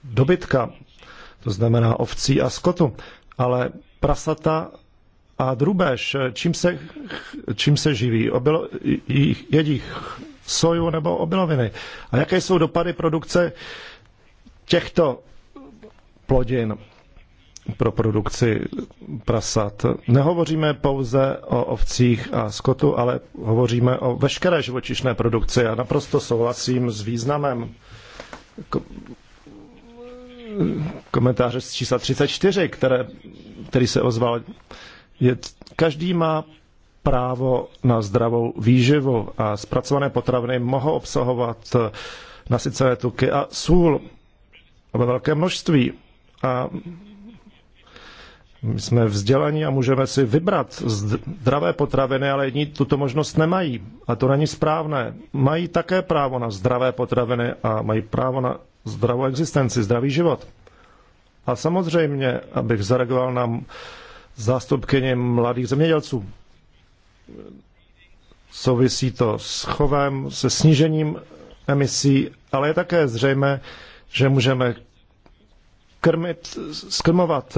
dobytka, to znamená ovcí a skotu, ale prasata a drubež, čím se, čím se živí? Obilo, jedí soju nebo obiloviny? A jaké jsou dopady produkce těchto plodin pro produkci prasat? Nehovoříme pouze o ovcích a skotu, ale hovoříme o veškeré živočišné produkci. Já naprosto souhlasím s významem komentáře z čísla 34, které, který se ozval. Je, každý má právo na zdravou výživu a zpracované potraviny mohou obsahovat eh, nasycené tuky a sůl ve velké množství. A my jsme vzdělaní a můžeme si vybrat zdravé potraviny, ale jedni tuto možnost nemají. A to není správné. Mají také právo na zdravé potraviny a mají právo na zdravou existenci, zdravý život. A samozřejmě, abych zareagoval na zástupkyně mladých zemědělců, souvisí to s chovem, se snížením emisí, ale je také zřejmé, že můžeme krmit, skrmovat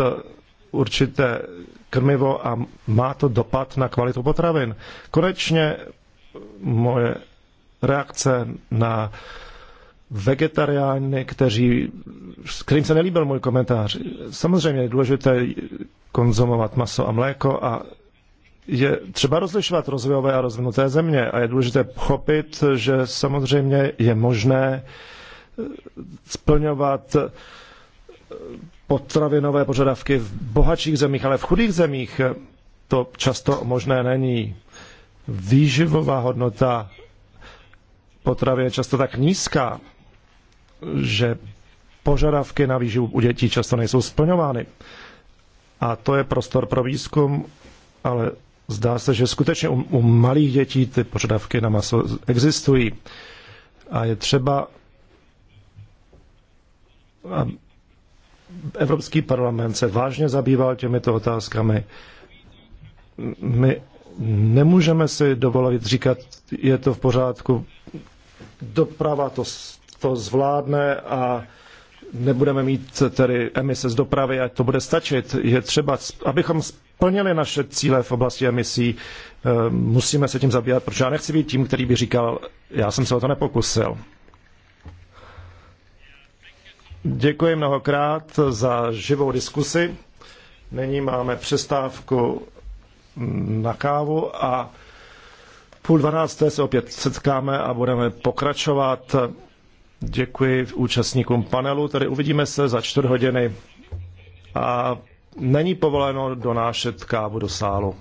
určité krmivo a má to dopad na kvalitu potravin. Konečně moje reakce na vegetariány, kteří, s kterým se nelíbil můj komentář. Samozřejmě je důležité konzumovat maso a mléko a je třeba rozlišovat rozvojové a rozvinuté země a je důležité pochopit, že samozřejmě je možné splňovat potravinové požadavky v bohatších zemích, ale v chudých zemích to často možné není. Výživová hodnota potravin je často tak nízká, že požadavky na výživu u dětí často nejsou splňovány. A to je prostor pro výzkum, ale zdá se, že skutečně u, u malých dětí ty požadavky na maso existují. A je třeba, Evropský parlament se vážně zabýval těmito otázkami. My nemůžeme si dovolit říkat, je to v pořádku, doprava to, to zvládne a nebudeme mít tedy emise z dopravy, ať to bude stačit. Je třeba, abychom splnili naše cíle v oblasti emisí, eh, musíme se tím zabývat, protože já nechci být tím, který by říkal, já jsem se o to nepokusil. Děkuji mnohokrát za živou diskusi. Nyní máme přestávku na kávu a půl dvanácté se opět setkáme a budeme pokračovat. Děkuji účastníkům panelu, tedy uvidíme se za čtvrt hodiny. A není povoleno donášet kávu do sálu.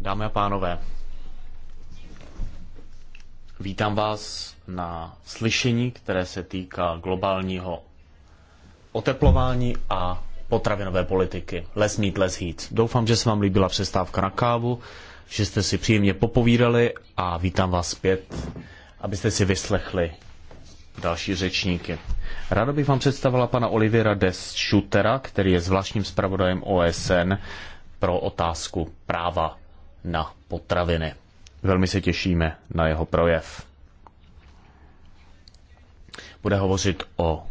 Dámy a pánové, vítám vás na slyšení, které se týká globálního oteplování a potravinové politiky. Let's meet, let's heat. Doufám, že se vám líbila přestávka na kávu, že jste si příjemně popovídali a vítám vás zpět, abyste si vyslechli další řečníky. Ráda bych vám představila pana Olivera Des Schutera, který je zvláštním zpravodajem OSN pro otázku práva na potraviny. Velmi se těšíme na jeho projev. Bude hovořit o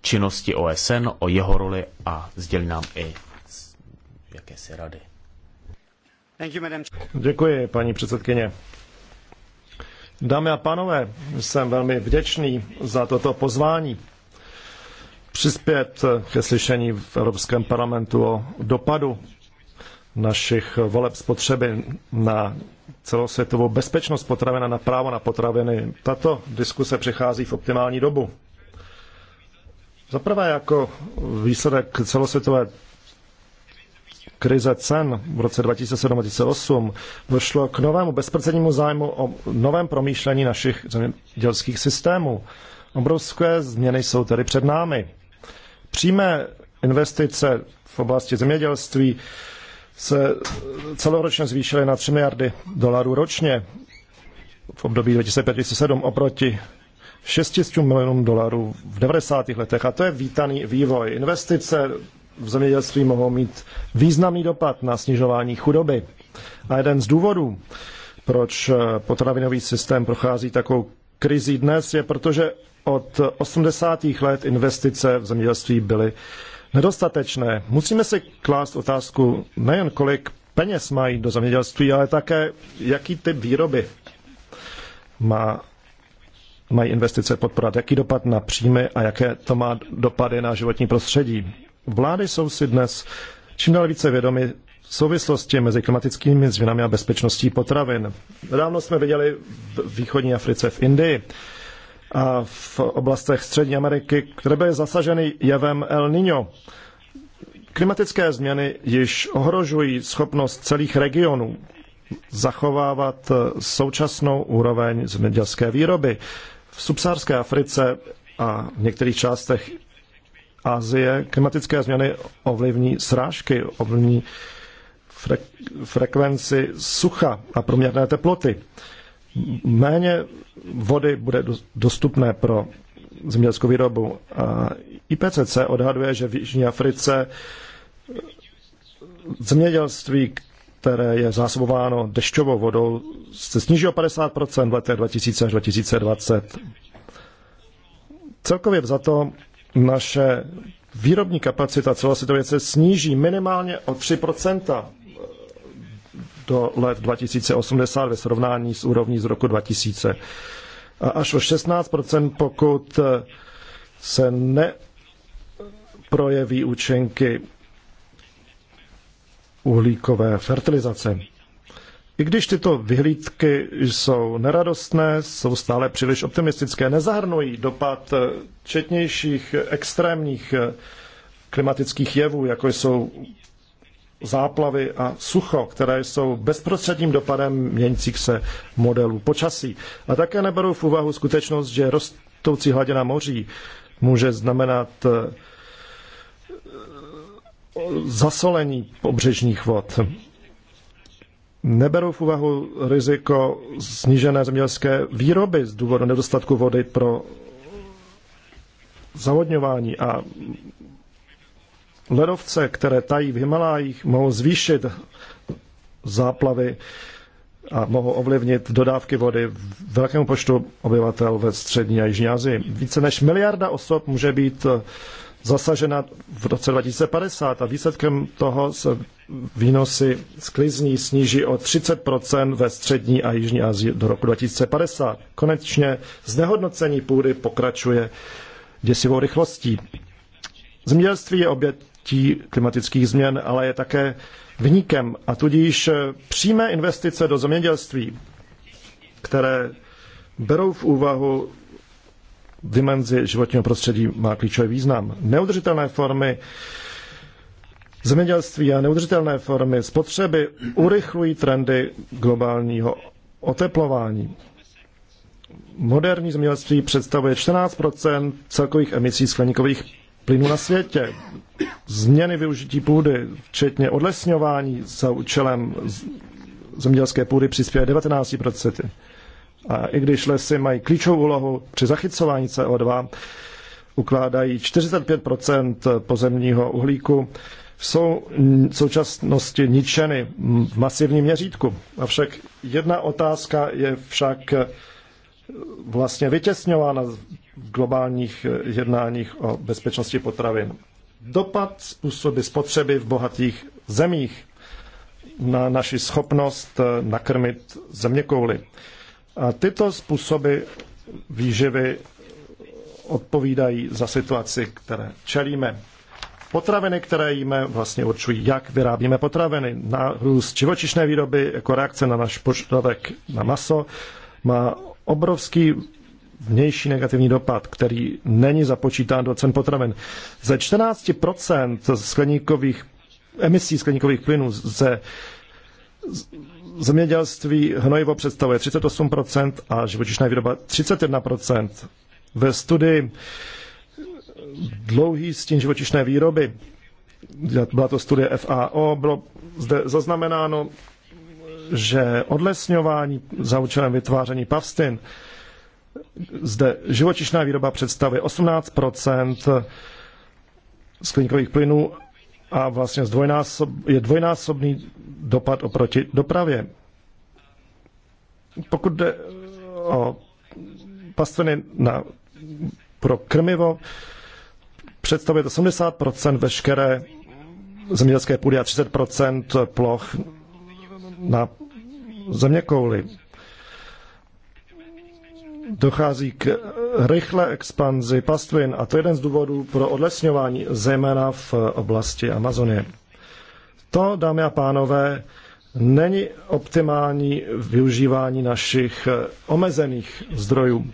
činnosti OSN, o jeho roli a sdělí nám i jakési rady. Děkuji, paní předsedkyně. Dámy a pánové, jsem velmi vděčný za toto pozvání přispět ke slyšení v Evropském parlamentu o dopadu našich voleb spotřeby na celosvětovou bezpečnost potravin a na právo na potraviny. Tato diskuse přichází v optimální dobu. Zaprvé jako výsledek celosvětové krize cen v roce 2007-2008 došlo k novému bezprcednímu zájmu o novém promýšlení našich zemědělských systémů. Obrovské změny jsou tedy před námi. Přímé investice v oblasti zemědělství se celoročně zvýšily na 3 miliardy dolarů ročně v období 2005-2007 oproti 600 milionům dolarů v 90. letech. A to je vítaný vývoj. Investice v zemědělství mohou mít významný dopad na snižování chudoby. A jeden z důvodů, proč potravinový systém prochází takovou krizí dnes, je protože od 80. let investice v zemědělství byly nedostatečné. Musíme si klást otázku nejen kolik peněz mají do zemědělství, ale také jaký typ výroby má, mají investice podporovat, jaký dopad na příjmy a jaké to má dopady na životní prostředí. Vlády jsou si dnes čím dál více vědomy souvislosti mezi klimatickými změnami a bezpečností potravin. Nedávno jsme viděli v východní Africe, v Indii a v oblastech Střední Ameriky, které byly zasaženy jevem El Niño. Klimatické změny již ohrožují schopnost celých regionů zachovávat současnou úroveň zemědělské výroby. V subsárské Africe a v některých částech Asie klimatické změny ovlivní srážky, ovlivní fre- frekvenci sucha a průměrné teploty. Méně vody bude dostupné pro zemědělskou výrobu. A IPCC odhaduje, že v Jižní Africe zemědělství, které je zásobováno dešťovou vodou, se sníží o 50% v letech 2000 až 2020. Celkově za to naše výrobní kapacita celosvětově se sníží minimálně o 3% do let 2080 ve srovnání s úrovní z roku 2000. A až o 16 pokud se neprojeví účinky uhlíkové fertilizace. I když tyto vyhlídky jsou neradostné, jsou stále příliš optimistické, nezahrnují dopad četnějších extrémních eh, klimatických jevů, jako jsou záplavy a sucho, které jsou bezprostředním dopadem měnících se modelů počasí. A také neberou v úvahu skutečnost, že rostoucí hladina moří může znamenat eh, zasolení pobřežních vod. Neberou v úvahu riziko snížené zemědělské výroby z důvodu nedostatku vody pro zavodňování a ledovce, které tají v Himalájích, mohou zvýšit záplavy a mohou ovlivnit dodávky vody velkému počtu obyvatel ve střední a jižní Asii. Více než miliarda osob může být zasažena v roce 2050 a výsledkem toho se výnosy sklizní sníží o 30% ve střední a jižní Asii do roku 2050. Konečně znehodnocení půdy pokračuje děsivou rychlostí. Zemědělství je obět, obětí klimatických změn, ale je také vníkem. A tudíž eh, přímé investice do zemědělství, které berou v úvahu dimenzi životního prostředí, má klíčový význam. Neudržitelné formy zemědělství a neudržitelné formy spotřeby urychlují trendy globálního oteplování. Moderní zemědělství představuje 14 celkových emisí skleníkových plynu na světě. Změny využití půdy, včetně odlesňování za účelem zemědělské půdy přispěje 19%. A i když lesy mají klíčovou úlohu při zachycování CO2, ukládají 45% pozemního uhlíku, jsou v současnosti ničeny v masivním měřítku. Avšak jedna otázka je však eh, vlastně vytěsňována globálních eh, jednáních o bezpečnosti potravin. Dopad způsoby spotřeby v bohatých zemích na naši schopnost eh, nakrmit zeměkouly. A tyto způsoby výživy odpovídají za situaci, které čelíme. Potraviny, které jíme, vlastně určují, jak vyrábíme potraviny. Nárůst živočišné výroby jako reakce na náš požadavek na maso má obrovský vnější negativní dopad, který není započítán do cen potravin. Ze 14% skleníkových, emisí skleníkových plynů ze zemědělství hnojivo představuje 38% a živočišná výroba 31%. Ve studii dlouhý stín živočišné výroby, byla to studie FAO, bylo zde zaznamenáno, že odlesňování za účelem vytváření pavstin zde živočišná výroba představuje 18 skleníkových plynů a vlastně zdvojnásob, je dvojnásobný dopad oproti dopravě. Pokud jde eh, o pastviny na, pro krmivo, představuje to 70 veškeré zemědělské půdy a 30 ploch na zeměkouli dochází k rychlé expanzi pastvin a to je jeden z důvodů pro odlesňování, zejména v oblasti Amazonie. To, dámy a pánové, není optimální využívání našich omezených zdrojů.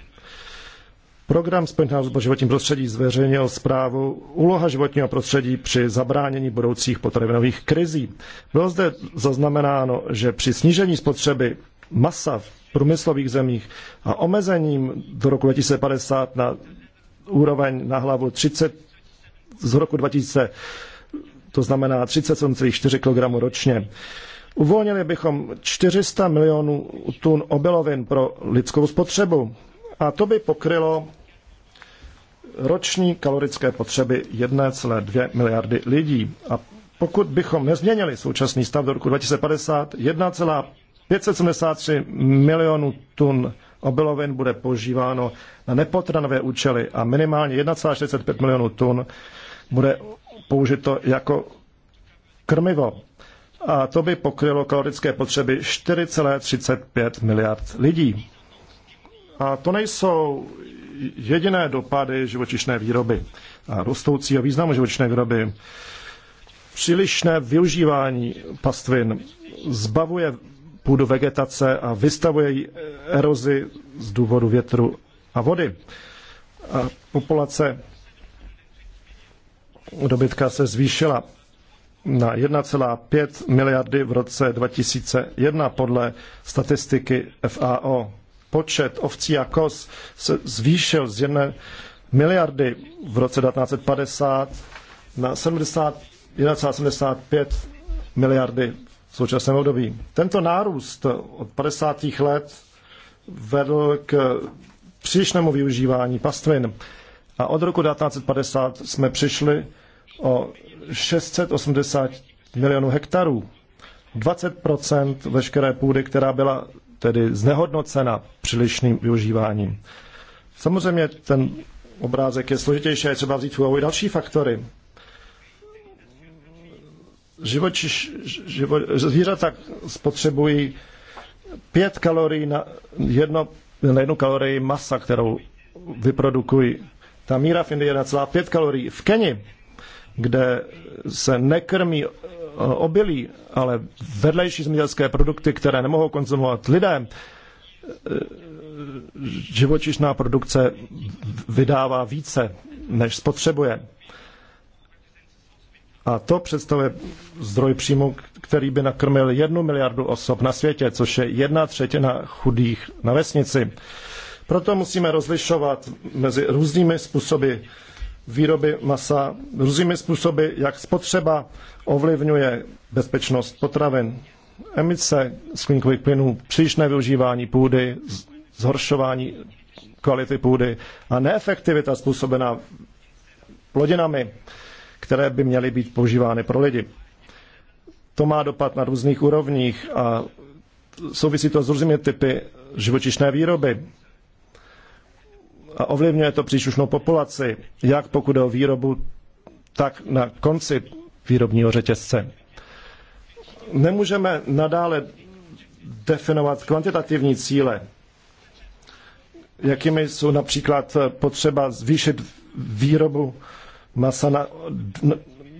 Program Spendhouse pro životní prostředí zveřejnil zprávu Úloha životního prostředí při zabránění budoucích potravinových krizí. Bylo zde zaznamenáno, že při snížení spotřeby masa v průmyslových zemích a omezením do roku 2050 na úroveň na hlavu 30 z roku 2000, to znamená 37,4 kg ročně. Uvolnili bychom 400 milionů tun obilovin pro lidskou spotřebu a to by pokrylo roční kalorické potřeby 1,2 miliardy lidí. A pokud bychom nezměnili současný stav do roku 2050, 573 milionů tun obilovin bude používáno na nepotranové účely a minimálně 1,65 milionů tun bude použito jako krmivo. A to by pokrylo kalorické potřeby 4,35 miliard lidí. A to nejsou jediné dopady živočišné výroby a rostoucího významu živočišné výroby. Přílišné využívání pastvin zbavuje půdu vegetace a vystavuje ji erozi z důvodu větru a vody. A populace dobytka se zvýšila na 1,5 miliardy v roce 2001 podle statistiky FAO. Počet ovcí a kos se zvýšil z 1 miliardy v roce 1950 na 71,75 miliardy současném období. Tento nárůst od 50. let vedl k přílišnému využívání pastvin. A od roku 1950 jsme přišli o 680 milionů hektarů. 20 veškeré půdy, která byla tedy znehodnocena přílišným využíváním. Samozřejmě ten obrázek je složitější, je třeba vzít v i další faktory živočiš, živo, zvířata spotřebují pět kalorií na, jedno, na jednu kalorii masa, kterou vyprodukují. Ta míra v Indii je 1,5 kalorií. V Keni, kde se nekrmí eh, obilí, ale vedlejší zemědělské produkty, které nemohou konzumovat lidé, eh, živočišná produkce vydává více, než spotřebuje. A to představuje zdroj příjmu, který by nakrmil jednu miliardu osob na světě, což je jedna třetina chudých na vesnici. Proto musíme rozlišovat mezi různými způsoby výroby masa, různými způsoby, jak spotřeba ovlivňuje bezpečnost potravin. Emice skleníkových plynů, přílišné využívání půdy, zhoršování kvality půdy a neefektivita způsobená plodinami které by měly být používány pro lidi. To má dopad na různých úrovních a souvisí to s různými typy živočišné výroby. A ovlivňuje to příslušnou populaci, jak pokud o výrobu, tak na konci výrobního řetězce. Nemůžeme nadále definovat kvantitativní cíle, jakými jsou například potřeba zvýšit výrobu masa na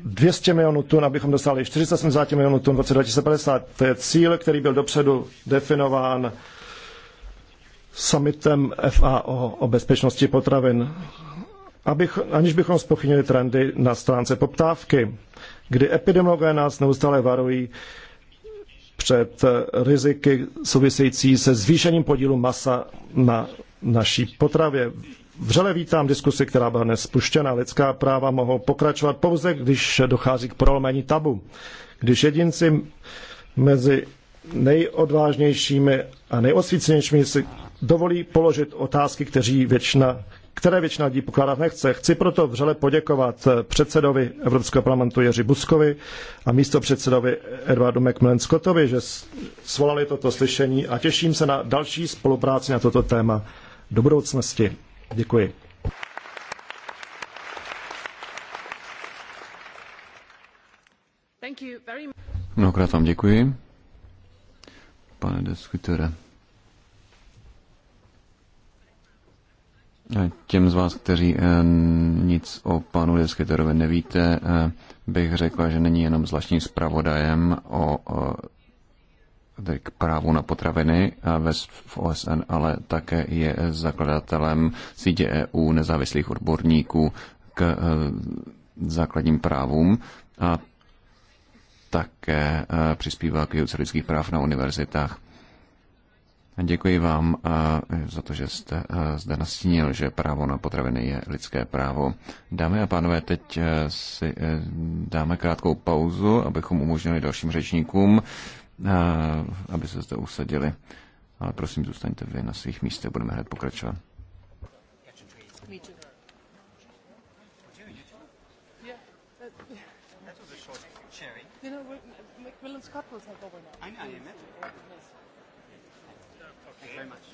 200 milionů tun, abychom dosáhli 470 milionů tun v roce 2050. To je cíl, který byl dopředu definován summitem FAO o bezpečnosti potravin, abych, aniž bychom spochynili trendy na stránce poptávky, kdy epidemiologové nás neustále varují před riziky související se zvýšením podílu masa na naší potravě. Vřele vítám diskusi, která byla dnes spuštěna. Lidská práva mohou pokračovat pouze, když dochází k prolomení tabu. Když jedinci mezi nejodvážnějšími a nejosvícenějšími si dovolí položit otázky, kteří většina, které většina lidí pokládat nechce. Chci proto vřele poděkovat předsedovi Evropského parlamentu Jiří Buskovi a místo předsedovi Edwardu McMillan Scottovi, že svolali toto slyšení a těším se na další spolupráci na toto téma do budoucnosti. Děkuji. Mnohokrát vám děkuji, pane diskutere. Těm z vás, kteří eh, nic o panu Deskyterovi nevíte, eh, bych řekla, že není jenom zvláštním zpravodajem o eh, tedy k právu na potraviny v OSN, ale také je zakladatelem sítě EU nezávislých odborníků k eh, základním právům a také eh, přispívá k výuce lidských práv na univerzitách. Děkuji vám eh, za to, že jste zde nastínil, že právo na potraviny je lidské právo. Dámy a pánové, teď si dáme krátkou pauzu, abychom umožnili dalším řečníkům Eh, aby se zde usadili. Ale prosím, zůstaňte vy na svých místech, budeme hned pokračovat. Macmillan Scott will take over now. I know, I am it. Thank you very much.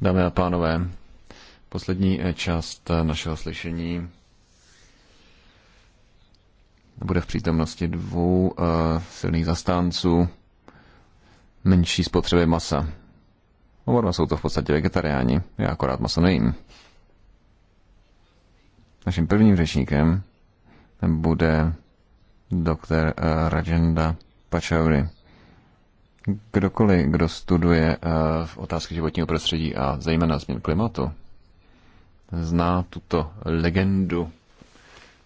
Dámy a pánové, poslední eh, část eh, našeho slyšení bude v přítomnosti dvou uh, silných zastánců menší spotřeby masa. Oba dva jsou to v podstatě vegetariáni, já akorát maso nejím. Naším prvním řečníkem bude doktor uh, Rajenda Pachauri kdokoliv, kdo studuje eh, v otázky životního prostředí a zejména změn klimatu, zná tuto legendu,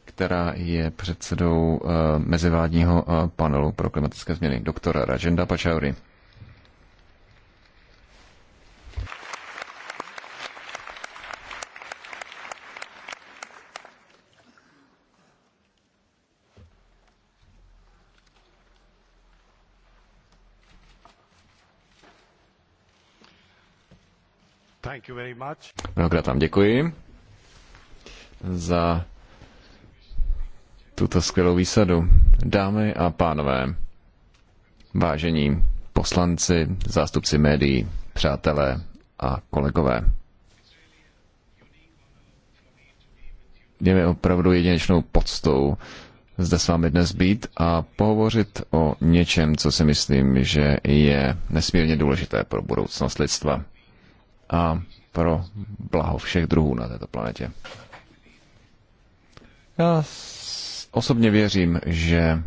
která je předsedou eh, mezivládního eh, panelu pro klimatické změny, doktora Rajenda Pachauri. Mnohokrát vám děkuji za tuto skvělou výsadu. Dámy a pánové, vážení poslanci, zástupci médií, přátelé a kolegové. Je mi opravdu jedinečnou poctou zde s vámi dnes být a pohovořit o něčem, co si myslím, že je nesmírně důležité pro budoucnost lidstva. A pro blaho všech druhů na této planetě. Já osobně věřím, že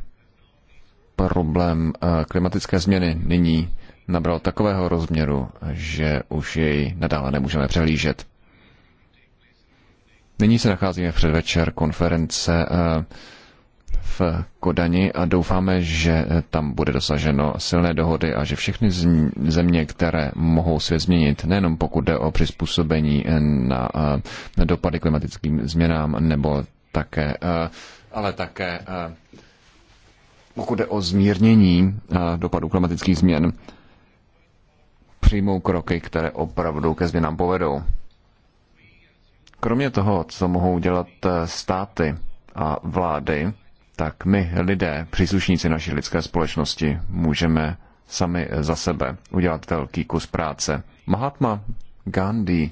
problém eh, klimatické změny nyní nabral takového rozměru, že už jej nadále nemůžeme přehlížet. Nyní se nacházíme v předvečer konference eh, v Kodani a doufáme, že tam bude dosaženo silné dohody a že všechny země, které mohou svět změnit, nejenom pokud jde o přizpůsobení na eh, dopady klimatickým změnám, nebo také, eh, ale také eh, pokud jde o zmírnění dopadů klimatických změn, přijmou kroky, které opravdu ke změnám povedou. Kromě toho, co mohou dělat státy a vlády, tak my lidé, příslušníci naší lidské společnosti, můžeme sami za sebe udělat velký kus práce. Mahatma Gandhi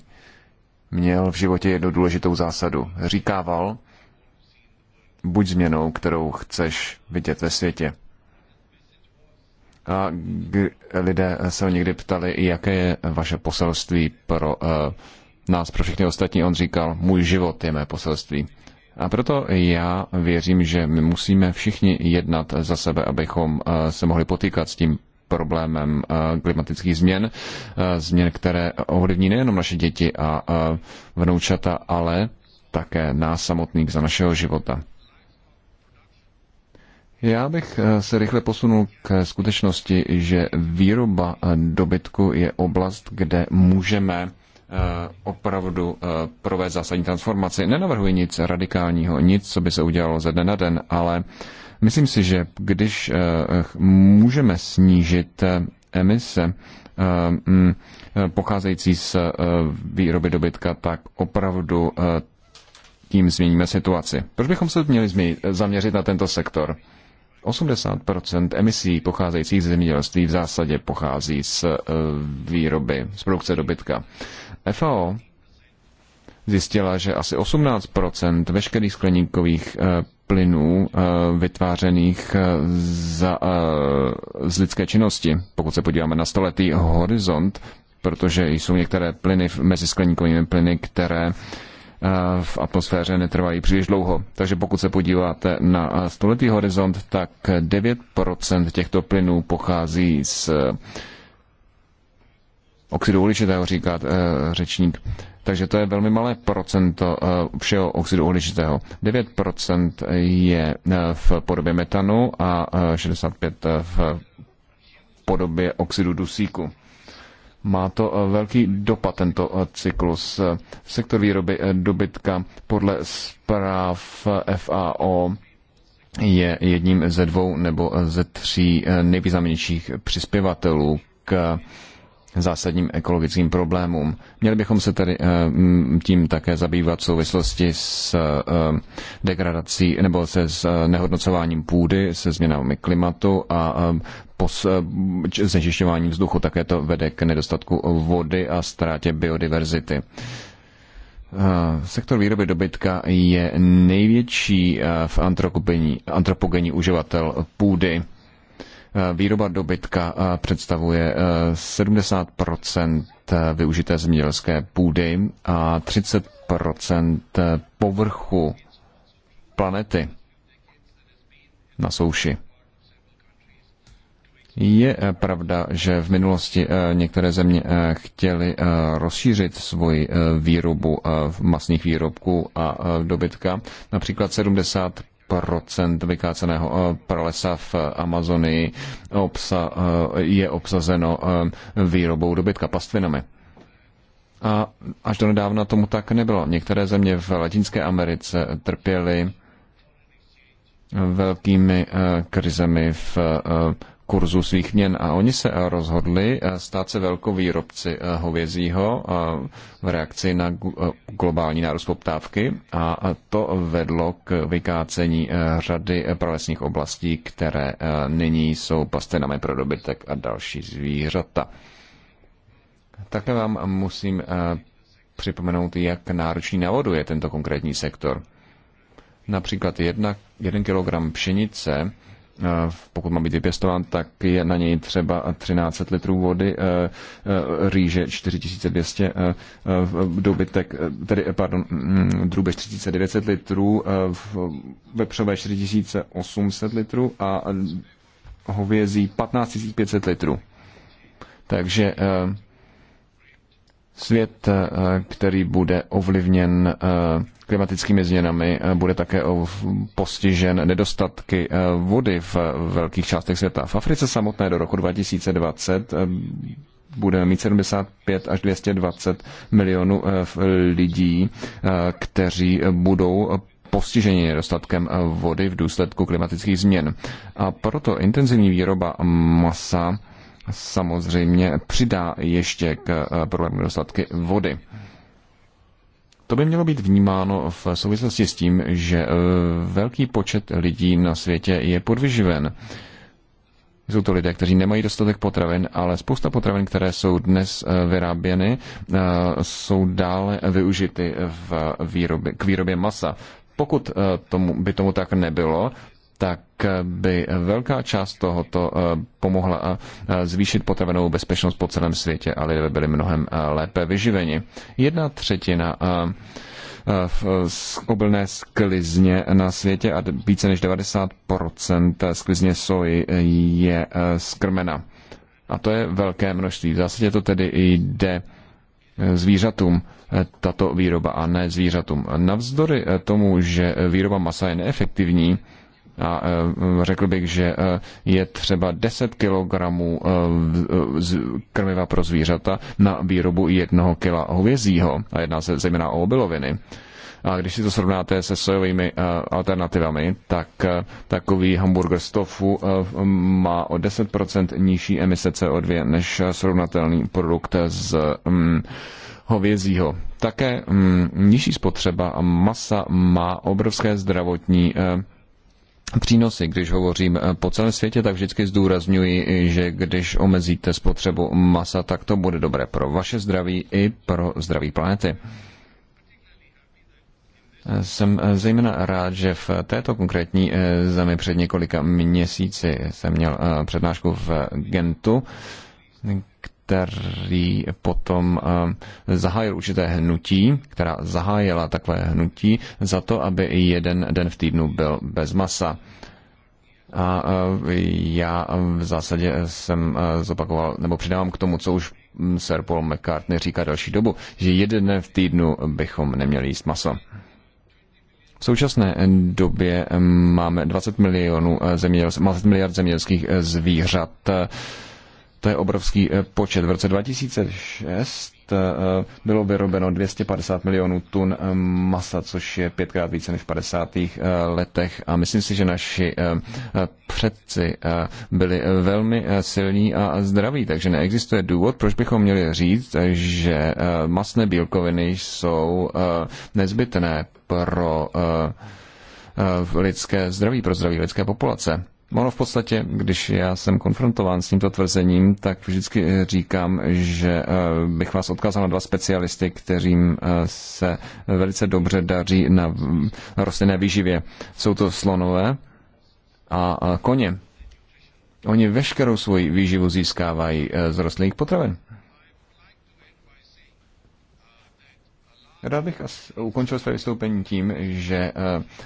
měl v životě jednu důležitou zásadu. Říkával, buď změnou, kterou chceš vidět ve světě. A lidé se ho někdy ptali, jaké je vaše poselství pro uh, nás, pro všechny ostatní. On říkal, můj život je mé poselství. A proto já věřím, že my musíme všichni jednat za sebe, abychom eh, se mohli potýkat s tím problémem eh, klimatických změn, eh, změn, které ovlivní nejenom naše děti a vnoučata, ale také nás samotných za našeho života. Já bych se rychle posunul k skutečnosti, že výroba dobytku je oblast, kde můžeme Eh, opravdu eh, provést zásadní transformaci. Nenavrhuji nic radikálního, nic, co by se udělalo ze dne na den, ale myslím si, že když eh, můžeme snížit emise mm, pocházející z výroby dobytka, tak opravdu tím změníme situaci. Proč bychom se měli změnit, zaměřit na tento sektor? 80% emisí pocházejících ze zemědělství v zásadě pochází z výroby, z produkce dobytka. FAO zjistila, že asi 18 veškerých skleníkových eh, plynů eh, vytvářených eh, za, z lidské činnosti, pokud se podíváme na stoletý horizont, protože jsou některé plyny mezi skleníkovými plyny, které v atmosféře netrvají příliš dlouho. Takže pokud se podíváte na stoletý horizont, tak 9% těchto plynů pochází z oxidu uhličitého, říká eh, řečník. Takže to je velmi malé procento eh, všeho oxidu uhličitého. 9% je eh, v podobě metanu a 65% v podobě oxidu dusíku. Má to velký dopad tento cyklus. Sektor výroby dobytka podle zpráv FAO je jedním ze dvou nebo ze tří nejvýznamnějších přispěvatelů k zásadním ekologickým problémům. Měli bychom se tedy eh, tím také zabývat v souvislosti s eh, degradací nebo se s eh, nehodnocováním půdy, se změnami klimatu a znečišťováním vzduchu. Také to vede k nedostatku vody a ztrátě biodiverzity. Sektor výroby dobytka je největší v antropogenní uživatel půdy Eh, výroba dobytka eh, představuje 70 eh, využité zemědělské půdy a 30 povrchu planety na souši. Je pravda, že v minulosti některé země chtěly rozšířit svoji výrobu masných výrobků a dobytka. Například 70 vykáceného eh, pralesa v eh, Amazonii obsa, eh, je obsazeno výrobou dobytka pastvinami. A až do nedávna tomu tak nebylo. Některé země v Latinské Americe trpěly velkými krizemi v kurzu svých měn a oni se eh, rozhodli eh, stát se velkovýrobci eh, hovězího v reakci na globální nárůst poptávky a to vedlo k vykácení řady pralesních oblastí, které nyní jsou pastenami pro dobytek a další zvířata. Také vám musím připomenout, jak náročný na vodu je tento konkrétní sektor. Například jedna, jeden kilogram pšenice Eh, pokud má být vypěstován, tak je na něj třeba 13 litrů vody, eh, eh, rýže 4200, dobytek, tedy, pardon, mm, drůbež 3900 litrů, vepřové 4800 litrů a hovězí 15500 litrů. Takže svět, který bude ovlivněn klimatickými změnami eh, bude také postižen nedostatky eh, vody v velkých částech světa. V Africe samotné do roku 2020 eh, budeme mít 75 až 220 milionů lidí, kteří budou postiženi nedostatkem vody v důsledku klimatických změn. A proto intenzivní výroba masa samozřejmě přidá ještě k problému nedostatky vody. To by mělo být vnímáno v souvislosti s tím, že e, velký počet lidí na světě je podvyživen. Jsou to lidé, kteří nemají dostatek potravin, ale spousta potravin, které jsou dnes e, vyráběny, e, jsou dále využity v výrobě, k výrobě masa. Pokud tomu, by tomu tak nebylo, tak by velká část tohoto eh, pomohla eh, zvýšit potravenou bezpečnost po celém světě a lidé by byli mnohem eh, lépe vyživeni. Jedna třetina v obilné sklizně na světě a více než 90% sklizně soji je skrmena. A to je velké množství. V zásadě to tedy jde zvířatům tato výroba a ne zvířatům. Navzdory tomu, že výroba masa je neefektivní, a e, řekl bych, že e, je třeba 10 kg e, krmiva pro zvířata na výrobu jednoho kila hovězího a jedná se zejména o obiloviny. A když si to srovnáte se sojovými alternativami, tak takový hamburger z tofu má o 10% nižší emise CO2 než srovnatelný produkt z mm, hovězího. Také mm, nižší spotřeba masa má obrovské zdravotní přínosy, když hovořím eh, po celém světě, tak vždycky zdůrazňuji, že když omezíte spotřebu masa, tak to bude dobré pro vaše zdraví i pro zdraví planety. Eh, jsem eh, zejména rád, že v této konkrétní zemi před několika měsíci jsem měl přednášku v Gentu, který potom eh, zahájil určité hnutí, která zahájila takové hnutí za to, aby jeden den v týdnu byl bez masa. A eh, já v zásadě jsem eh, zopakoval, nebo přidávám k tomu, co už Sir Paul McCartney říká další dobu, že jeden den v týdnu bychom neměli jíst maso. V současné době máme 20 milionů zemědělských, 20 miliard zemědělských zvířat to je obrovský eh, počet. V roce 2006 eh, bylo vyrobeno 250 milionů tun eh, masa, což je pětkrát více než v 50. letech. A myslím si, že naši předci byli velmi silní a zdraví, takže neexistuje důvod, proč bychom měli říct, že masné bílkoviny jsou nezbytné pro lidské zdraví, pro zdraví lidské populace. Ono v podstatě, když já jsem konfrontován s tímto tvrzením, tak vždycky eh, říkám, že eh, bych vás odkázal na dva specialisty, kterým eh, se velice dobře daří na mm, rostlinné výživě. Jsou to slonové a koně. Oni veškerou svoji výživu získávají z rostlinných potravin. Rád bych as, ukončil své vystoupení tím, že eh,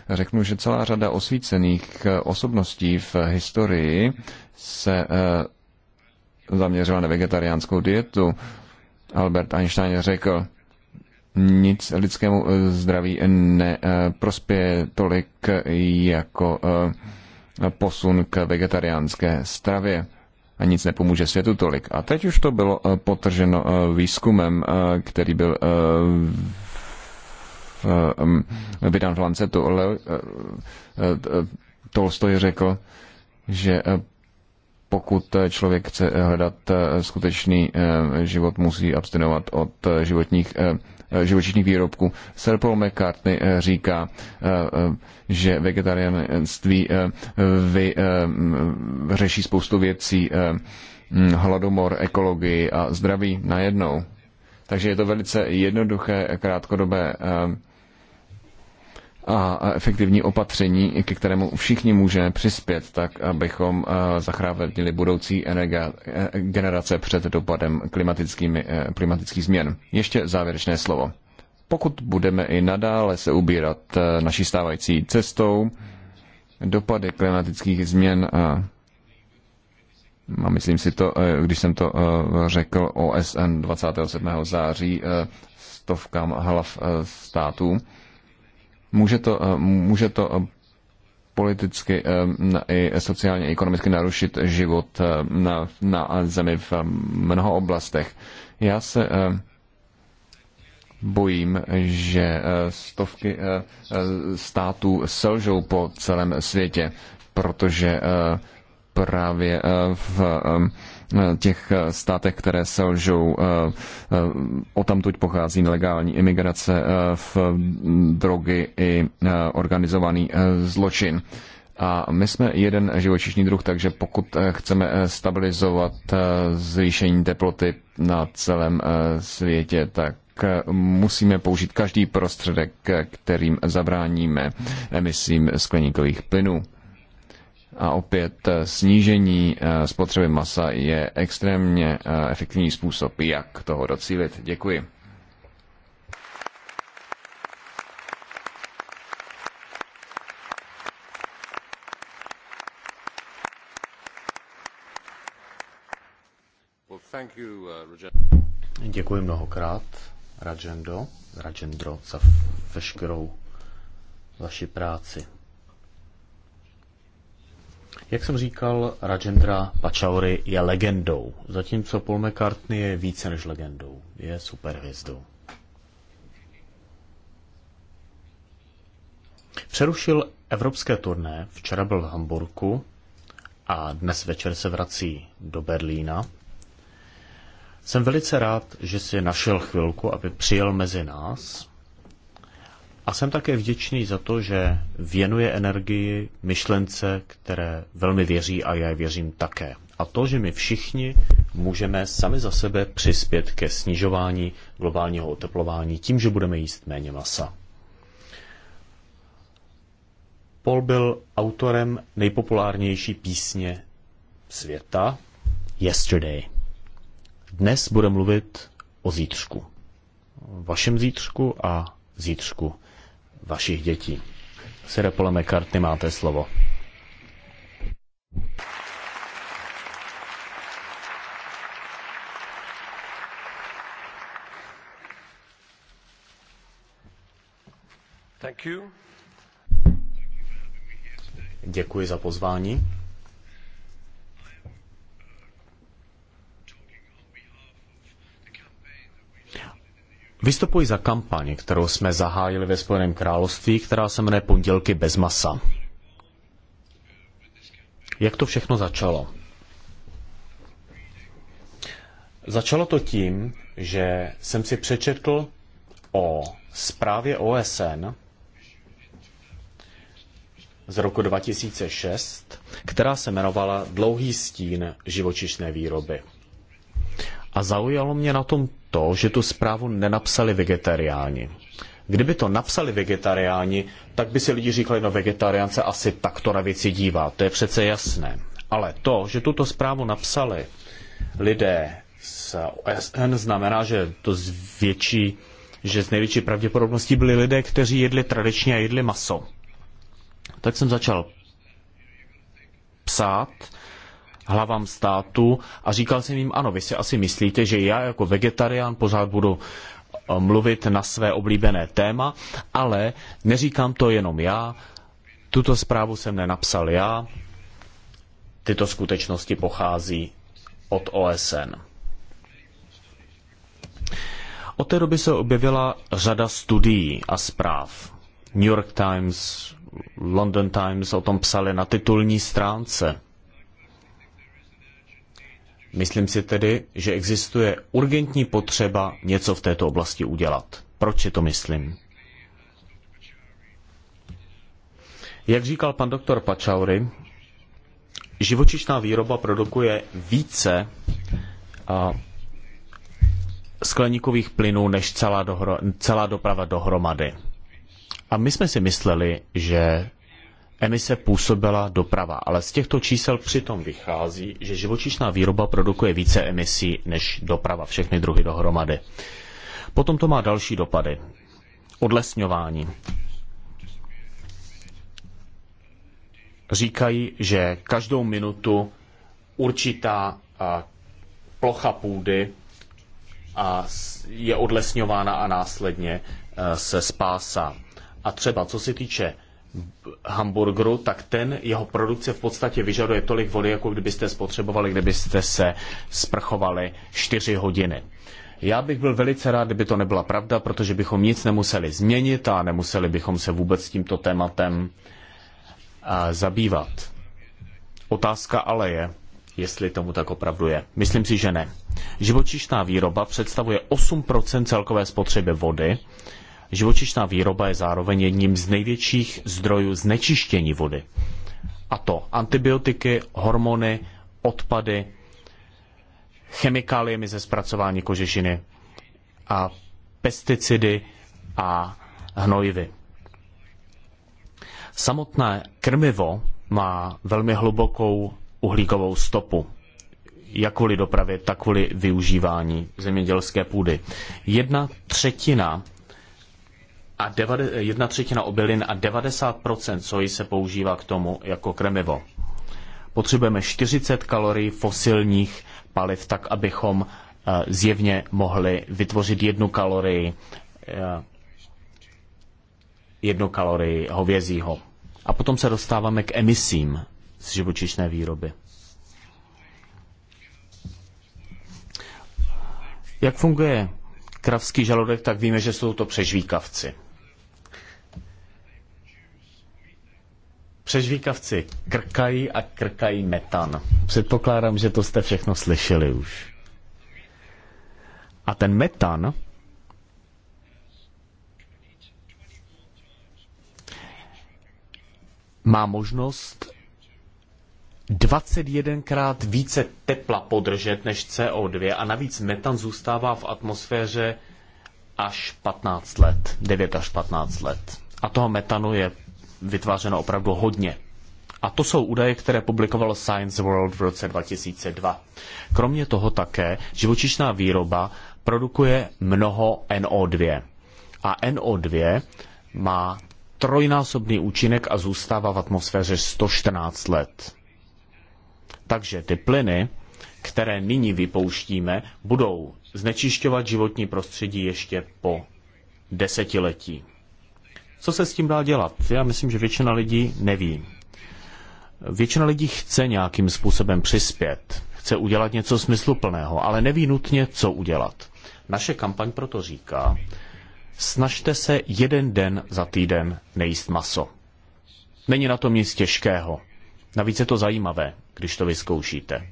řeknu, že celá řada osvícených eh, osobností v historii se eh, zaměřila na vegetariánskou dietu. Albert Einstein řekl, nic lidskému zdraví neprospěje tolik jako posun k vegetariánské stravě a nic nepomůže světu tolik. A teď už to bylo potrženo výzkumem, který byl Eh, vydán v Lancetu. Eh, eh, Tolstoj řekl, že pokud člověk chce hledat skutečný život, musí abstinovat od životních živočišných výrobků. Sir Paul McCartney říká, že vegetarianství vyřeší řeší spoustu věcí, hladomor, ekologii a zdraví najednou. Takže je to velice jednoduché, krátkodobé a efektivní opatření, ke kterému všichni můžeme přispět, tak abychom eh, zachránili budoucí eh, generace před dopadem eh, klimatických změn. Ještě závěrečné slovo. Pokud budeme i nadále se ubírat naší stávající cestou, dopady klimatických změn a myslím si to, když jsem to řekl OSN 27. září stovkám hlav států, Může to, eh, může to eh, politicky eh, i sociálně, i ekonomicky narušit život na, na zemi v mnoha oblastech. Já se bojím, že stovky států selžou po celém světě, protože právě v Eh, těch eh, státech, které lžou. Eh, o tamtuť pochází nelegální imigrace v mm, drogy i organizovaný zločin. A my jsme jeden živočišný druh, takže pokud chceme stabilizovat zvýšení teploty na celém světě, tak musíme použít každý prostředek, kterým zabráníme emisím skleníkových plynů. A opět eh, snížení eh, spotřeby masa je extrémně eh, efektivní způsob, jak toho docílit. Děkuji. Uh, Děkuji mnohokrát, Rajendo, Rajendro, za veškerou vaši práci. Jak jsem říkal, Rajendra Pachauri je legendou, zatímco Paul McCartney je více než legendou, je superhvězdou. Přerušil evropské turné, včera byl v Hamburku a dnes večer se vrací do Berlína. Jsem velice rád, že si našel chvilku, aby přijel mezi nás a jsem také vděčný za to, že věnuje energii myšlence, které velmi věří a já věřím také. A to, že my všichni můžeme sami za sebe přispět ke snižování globálního oteplování tím, že budeme jíst méně masa. Paul byl autorem nejpopulárnější písně světa Yesterday. Dnes bude mluvit o zítřku. Vašem zítřku a zítřku vašich dětí. Sire Poleme karty máte slovo. Děkuji za pozvání. Vystupuji za kampaň, kterou jsme zahájili ve Spojeném království, která se jmenuje Pondělky bez masa. Jak to všechno začalo? Začalo to tím, že jsem si přečetl o zprávě OSN z roku 2006, která se jmenovala Dlouhý stín živočišné výroby. A zaujalo mě na tom to, že tu zprávu nenapsali vegetariáni. Kdyby to napsali vegetariáni, tak by si lidi říkali, no vegetarián se asi takto na věci dívá, to je přece jasné. Ale to, že tuto zprávu napsali lidé z OSN, znamená, že to zvětší, že z největší pravděpodobností byli lidé, kteří jedli tradičně a jedli maso. Tak jsem začal psát hlavám státu a říkal jsem jim, ano, vy si asi myslíte, že já jako vegetarián pořád budu eh, mluvit na své oblíbené téma, ale neříkám to jenom já, tuto zprávu jsem nenapsal já, tyto skutečnosti pochází od OSN. Od té doby se objevila řada studií a zpráv. New York Times, London Times o tom psali na titulní stránce. Myslím si tedy, že existuje urgentní potřeba něco v této oblasti udělat. Proč si to myslím? Jak říkal pan doktor Pačaury, živočišná výroba produkuje více a, skleníkových plynů než celá, dohro, celá doprava dohromady. A my jsme si mysleli, že emise působila doprava, ale z těchto čísel přitom vychází, že živočišná výroba produkuje více emisí než doprava, všechny druhy dohromady. Potom to má další dopady. Odlesňování. Říkají, že každou minutu určitá plocha půdy a je odlesňována a následně e, se spásá. A třeba co se týče hamburgeru, tak ten jeho produkce v podstatě vyžaduje tolik vody, jako kdybyste spotřebovali, kdybyste se sprchovali 4 hodiny. Já bych byl velice rád, kdyby to nebyla pravda, protože bychom nic nemuseli změnit a nemuseli bychom se vůbec tímto tématem zabývat. Otázka ale je, jestli tomu tak opravdu je. Myslím si, že ne. Živočišná výroba představuje 8% celkové spotřeby vody, Živočišná výroba je zároveň jedním z největších zdrojů znečištění vody. A to antibiotiky, hormony, odpady, chemikáliemi ze zpracování kožešiny a pesticidy a hnojivy. Samotné krmivo má velmi hlubokou uhlíkovou stopu, jak kvůli dopravě, tak kvůli využívání zemědělské půdy. Jedna třetina a devade, jedna třetina obilin a 90% soji se používá k tomu jako krmivo. Potřebujeme 40 kalorií fosilních paliv, tak abychom eh, zjevně mohli vytvořit jednu kalorii, eh, jednu kalorii hovězího. A potom se dostáváme k emisím z živočišné výroby. Jak funguje kravský žaludek, tak víme, že jsou to přežvíkavci. Přežvíkavci krkají a krkají metan. Předpokládám, že to jste všechno slyšeli už. A ten metan má možnost 21krát více tepla podržet než CO2 a navíc metan zůstává v atmosféře až 15 let, 9 až 15 let. A toho metanu je vytvářeno opravdu hodně. A to jsou údaje, které publikoval Science World v roce 2002. Kromě toho také živočišná výroba produkuje mnoho NO2. A NO2 má trojnásobný účinek a zůstává v atmosféře 114 let. Takže ty plyny, které nyní vypouštíme, budou znečišťovat životní prostředí ještě po desetiletí. Co se s tím dá dělat? Já myslím, že většina lidí neví. Většina lidí chce nějakým způsobem přispět, chce udělat něco smysluplného, ale neví nutně, co udělat. Naše kampaň proto říká, snažte se jeden den za týden nejíst maso. Není na tom nic těžkého. Navíc je to zajímavé, když to vyzkoušíte.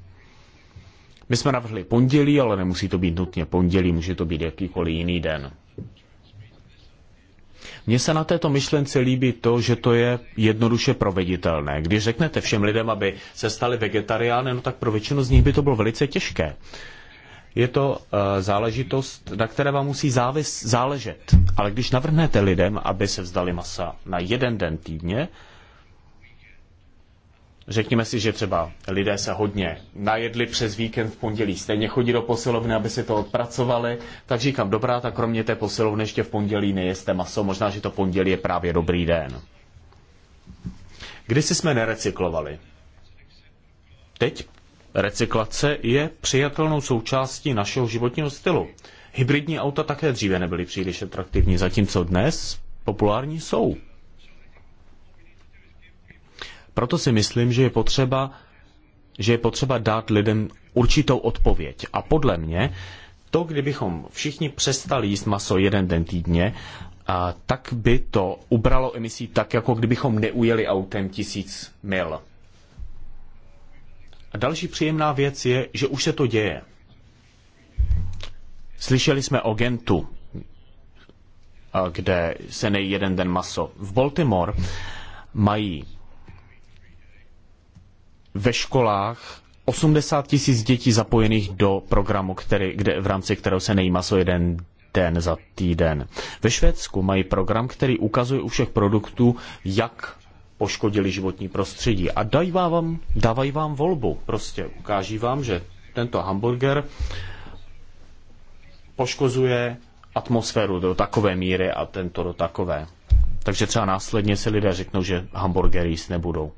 My jsme navrhli pondělí, ale nemusí to být nutně pondělí, může to být jakýkoliv jiný den. Mně se na této myšlence líbí to, že to je jednoduše proveditelné. Když řeknete všem lidem, aby se stali vegetariány, no tak pro většinu z nich by to bylo velice těžké. Je to uh, záležitost, na které vám musí závis, záležet. Ale když navrhnete lidem, aby se vzdali masa na jeden den týdně, Řekněme si, že třeba lidé se hodně najedli přes víkend v pondělí, stejně chodí do posilovny, aby si to odpracovali, tak říkám, dobrá, tak kromě té posilovny ještě v pondělí nejeste maso, možná, že to pondělí je právě dobrý den. Kdy jsme nerecyklovali. Teď recyklace je přijatelnou součástí našeho životního stylu. Hybridní auta také dříve nebyly příliš atraktivní, zatímco dnes populární jsou. Proto si myslím, že je potřeba, že je potřeba dát lidem určitou odpověď. A podle mě to, kdybychom všichni přestali jíst maso jeden den týdně, a tak by to ubralo emisí tak, jako kdybychom neujeli autem tisíc mil. A další příjemná věc je, že už se to děje. Slyšeli jsme o Gentu, kde se nejí jeden den maso. V Baltimore mají ve školách 80 tisíc dětí zapojených do programu, který, kde, v rámci kterého se nejí maso jeden den za týden. Ve Švédsku mají program, který ukazuje u všech produktů, jak poškodili životní prostředí. A dají vám, dávají vám volbu. Prostě ukáží vám, že tento hamburger poškozuje atmosféru do takové míry a tento do takové. Takže třeba následně si lidé řeknou, že hamburgery jíst nebudou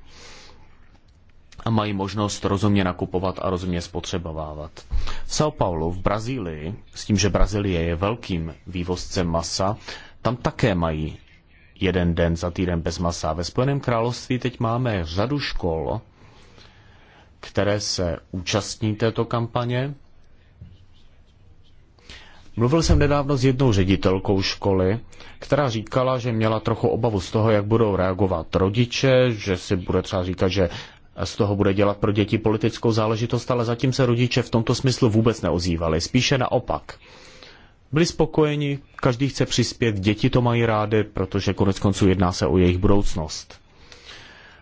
mají možnost rozumně nakupovat a rozumně spotřebovávat. V São Paulo v Brazílii, s tím, že Brazílie je velkým vývozcem masa, tam také mají jeden den za týden bez masa. Ve Spojeném království teď máme řadu škol, které se účastní této kampaně. Mluvil jsem nedávno s jednou ředitelkou školy, která říkala, že měla trochu obavu z toho, jak budou reagovat rodiče, že si bude třeba říkat, že z toho bude dělat pro děti politickou záležitost, ale zatím se rodiče v tomto smyslu vůbec neozývali, spíše naopak. Byli spokojeni, každý chce přispět, děti to mají rády, protože konec konců jedná se o jejich budoucnost.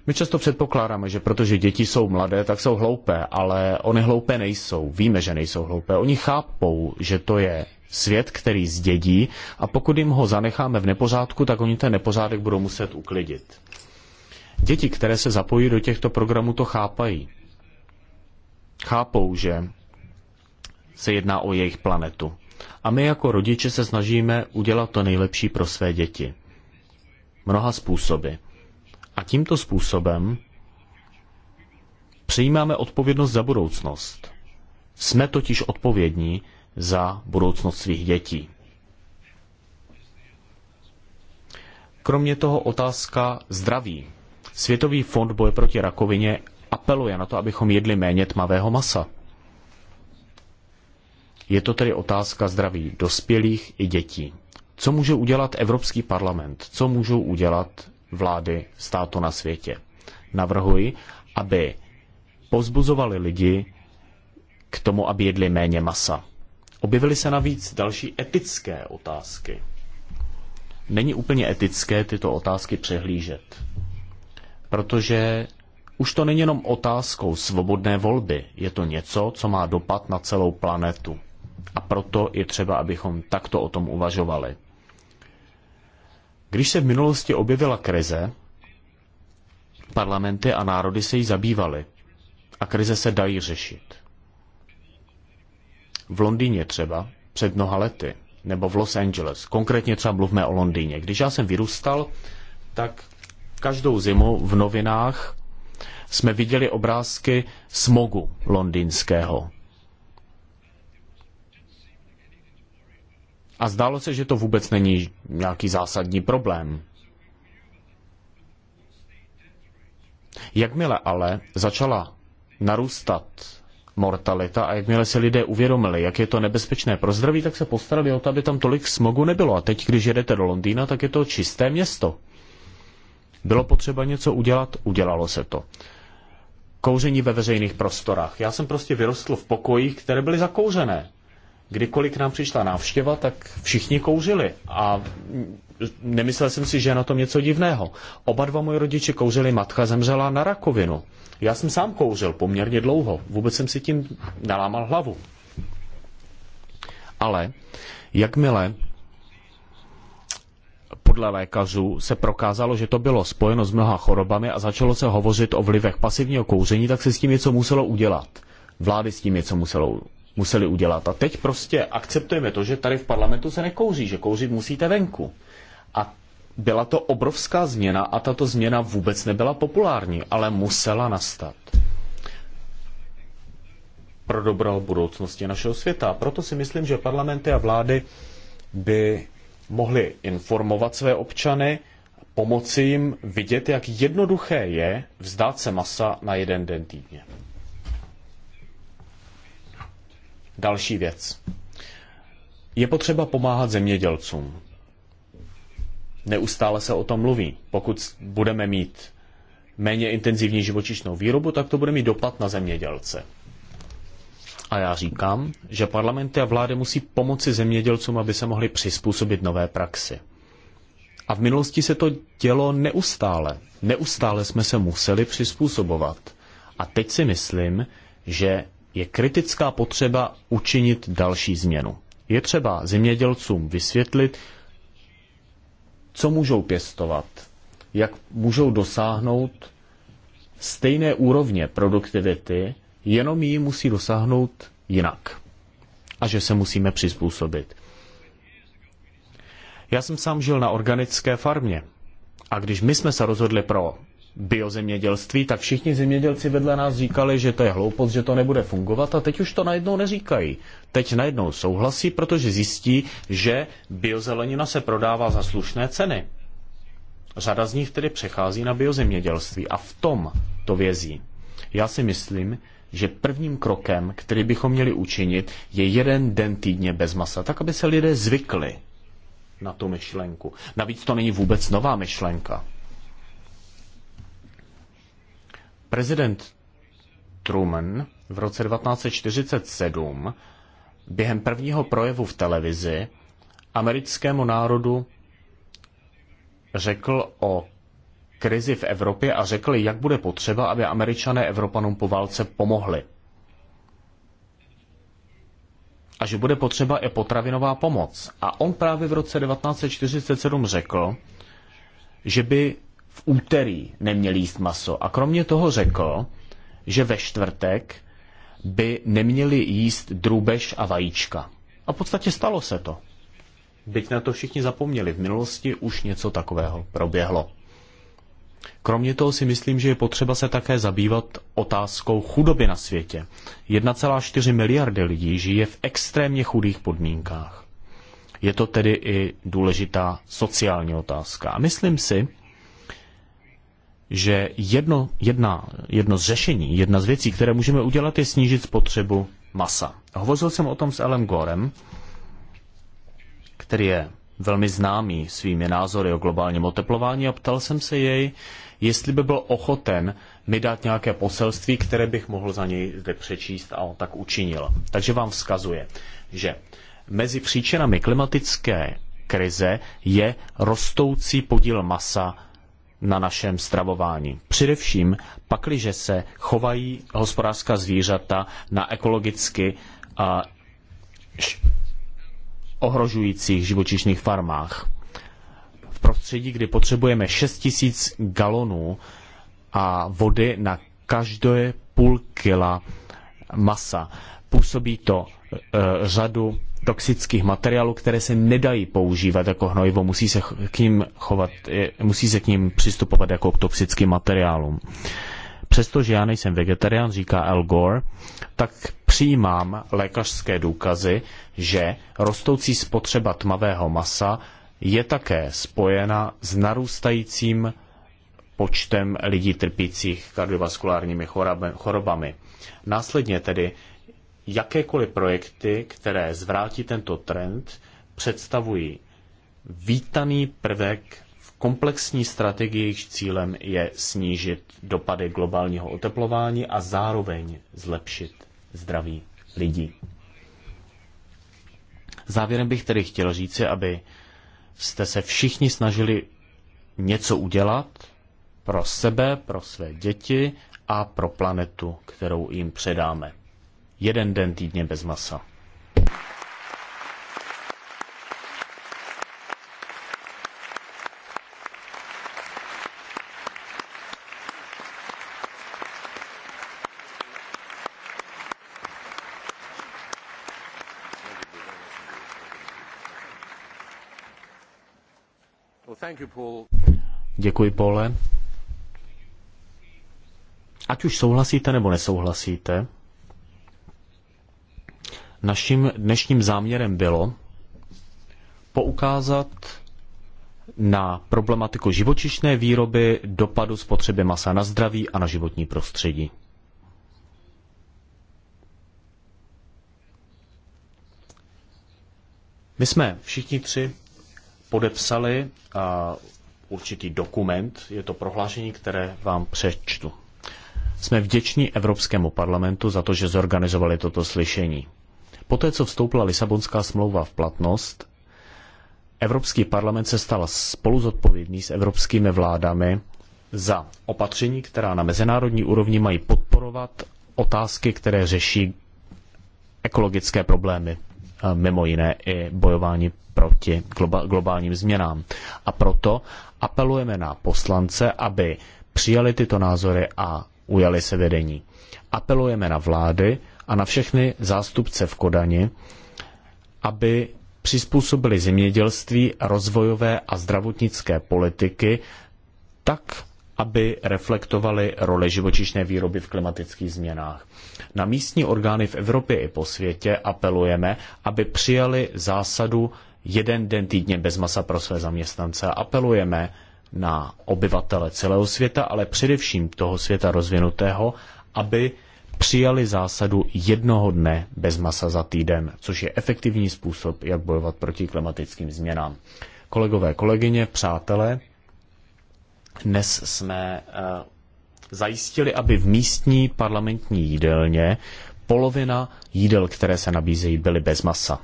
My často předpokládáme, že protože děti jsou mladé, tak jsou hloupé, ale oni hloupé nejsou. Víme, že nejsou hloupé. Oni chápou, že to je svět, který zdědí a pokud jim ho zanecháme v nepořádku, tak oni ten nepořádek budou muset uklidit. Děti, které se zapojí do těchto programů, to chápají. Chápou, že se jedná o jejich planetu. A my jako rodiče se snažíme udělat to nejlepší pro své děti. Mnoha způsoby. A tímto způsobem přijímáme odpovědnost za budoucnost. Jsme totiž odpovědní za budoucnost svých dětí. Kromě toho otázka zdraví. Světový fond boje proti rakovině apeluje na to, abychom jedli méně tmavého masa. Je to tedy otázka zdraví dospělých i dětí. Co může udělat Evropský parlament? Co můžou udělat vlády státu na světě? Navrhuji, aby pozbuzovali lidi k tomu, aby jedli méně masa. Objevily se navíc další etické otázky. Není úplně etické tyto otázky přehlížet protože už to není jenom otázkou svobodné volby, je to něco, co má dopad na celou planetu. A proto je třeba, abychom takto o tom uvažovali. Když se v minulosti objevila krize, parlamenty a národy se jí zabývaly. A krize se dají řešit. V Londýně třeba před mnoha lety, nebo v Los Angeles. Konkrétně třeba mluvme o Londýně. Když já jsem vyrůstal, tak každou zimu v novinách jsme viděli obrázky smogu londýnského. A zdálo se, že to vůbec není nějaký zásadní problém. Jakmile ale začala narůstat mortalita a jakmile si lidé uvědomili, jak je to nebezpečné pro zdraví, tak se postarali o to, aby tam tolik smogu nebylo. A teď, když jedete do Londýna, tak je to čisté město. Bylo potřeba něco udělat, udělalo se to. Kouření ve veřejných prostorách. Já jsem prostě vyrostl v pokojích, které byly zakouřené. Kdykoliv k nám přišla návštěva, tak všichni kouřili a nemyslel jsem si, že je na tom něco divného. Oba dva moji rodiče kouřili, matka zemřela na rakovinu. Já jsem sám kouřil poměrně dlouho, vůbec jsem si tím nalámal hlavu. Ale jakmile podle lékařů se prokázalo, že to bylo spojeno s mnoha chorobami a začalo se hovořit o vlivech pasivního kouření, tak se s tím něco muselo udělat. Vlády s tím něco muselo, museli udělat. A teď prostě akceptujeme to, že tady v parlamentu se nekouří, že kouřit musíte venku. A byla to obrovská změna a tato změna vůbec nebyla populární, ale musela nastat pro dobro budoucnosti našeho světa. Proto si myslím, že parlamenty a vlády by mohli informovat své občany, pomoci jim vidět, jak jednoduché je vzdát se masa na jeden den týdně. Další věc. Je potřeba pomáhat zemědělcům. Neustále se o tom mluví. Pokud budeme mít méně intenzivní živočišnou výrobu, tak to bude mít dopad na zemědělce. A já říkám, že parlamenty a vlády musí pomoci zemědělcům, aby se mohli přizpůsobit nové praxi. A v minulosti se to dělo neustále. Neustále jsme se museli přizpůsobovat. A teď si myslím, že je kritická potřeba učinit další změnu. Je třeba zemědělcům vysvětlit, co můžou pěstovat, jak můžou dosáhnout stejné úrovně produktivity jenom ji musí dosáhnout jinak a že se musíme přizpůsobit. Já jsem sám žil na organické farmě a když my jsme se rozhodli pro biozemědělství, tak všichni zemědělci vedle nás říkali, že to je hloupost, že to nebude fungovat a teď už to najednou neříkají. Teď najednou souhlasí, protože zjistí, že biozelenina se prodává za slušné ceny. Řada z nich tedy přechází na biozemědělství a v tom to vězí. Já si myslím, že prvním krokem, který bychom měli učinit, je jeden den týdně bez masa, tak aby se lidé zvykli na tu myšlenku. Navíc to není vůbec nová myšlenka. Prezident Truman v roce 1947 během prvního projevu v televizi americkému národu řekl o krizi v Evropě a řekli, jak bude potřeba, aby američané Evropanům po válce pomohli. A že bude potřeba i potravinová pomoc. A on právě v roce 1947 řekl, že by v úterý neměl jíst maso. A kromě toho řekl, že ve čtvrtek by neměli jíst drůbež a vajíčka. A v podstatě stalo se to. Byť na to všichni zapomněli, v minulosti už něco takového proběhlo. Kromě toho si myslím, že je potřeba se také zabývat otázkou chudoby na světě. 1,4 miliardy lidí žije v extrémně chudých podmínkách. Je to tedy i důležitá sociální otázka. A myslím si, že jedno, jedna, jedno z řešení, jedna z věcí, které můžeme udělat, je snížit spotřebu masa. Hovořil jsem o tom s Elem Gorem, který je velmi známý svými názory o globálním oteplování a ptal jsem se jej, jestli by byl ochoten mi dát nějaké poselství, které bych mohl za něj zde přečíst a on tak učinil. Takže vám vzkazuje, že mezi příčinami klimatické krize je rostoucí podíl masa na našem stravování. Především pakliže se chovají hospodářská zvířata na ekologicky a ohrožujících živočišných farmách. V prostředí, kdy potřebujeme 6 000 galonů a vody na každé půl kila masa, působí to e, řadu toxických materiálů, které se nedají používat jako hnojivo, musí se k ním, chovat, e, musí se k ním přistupovat jako k toxickým materiálům. E, přestože já nejsem vegetarián, říká Al Gore, tak přijímám lékařské důkazy, že rostoucí spotřeba tmavého masa je také spojena s narůstajícím počtem lidí trpících kardiovaskulárními chorobami. Následně tedy jakékoliv projekty, které zvrátí tento trend, představují vítaný prvek komplexní strategii, jejíž cílem je snížit dopady globálního oteplování a zároveň zlepšit zdraví lidí. Závěrem bych tedy chtěl říci, aby jste se všichni snažili něco udělat pro sebe, pro své děti a pro planetu, kterou jim předáme. Jeden den týdně bez masa. Děkuji, Pole. Ať už souhlasíte nebo nesouhlasíte, naším dnešním záměrem bylo poukázat na problematiku živočišné výroby, dopadu spotřeby masa na zdraví a na životní prostředí. My jsme všichni tři podepsali určitý dokument, je to prohlášení, které vám přečtu. Jsme vděční Evropskému parlamentu za to, že zorganizovali toto slyšení. Poté, co vstoupila Lisabonská smlouva v platnost, Evropský parlament se stal spolu zodpovědný s evropskými vládami za opatření, která na mezinárodní úrovni mají podporovat otázky, které řeší ekologické problémy, mimo jiné i bojování proti globálním změnám. A proto apelujeme na poslance, aby přijali tyto názory a ujali se vedení. Apelujeme na vlády a na všechny zástupce v Kodani, aby přizpůsobili zemědělství, rozvojové a zdravotnické politiky tak, aby reflektovaly roli živočišné výroby v klimatických změnách. Na místní orgány v Evropě i po světě apelujeme, aby přijali zásadu jeden den týdně bez masa pro své zaměstnance. Apelujeme na obyvatele celého světa, ale především toho světa rozvinutého, aby přijali zásadu jednoho dne bez masa za týden, což je efektivní způsob, jak bojovat proti klimatickým změnám. Kolegové, kolegyně, přátelé, dnes jsme eh, zajistili, aby v místní parlamentní jídelně polovina jídel, které se nabízejí, byly bez masa.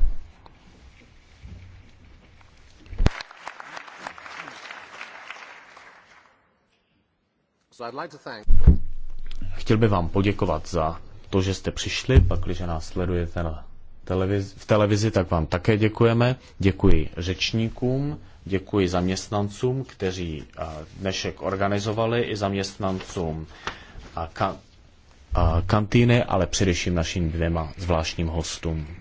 Chtěl bych vám poděkovat za to, že jste přišli, pak když nás sledujete na televizi, v televizi, tak vám také děkujeme. Děkuji řečníkům, děkuji zaměstnancům, kteří dnešek organizovali, i zaměstnancům a ka, a kantýny, ale především našim dvěma zvláštním hostům.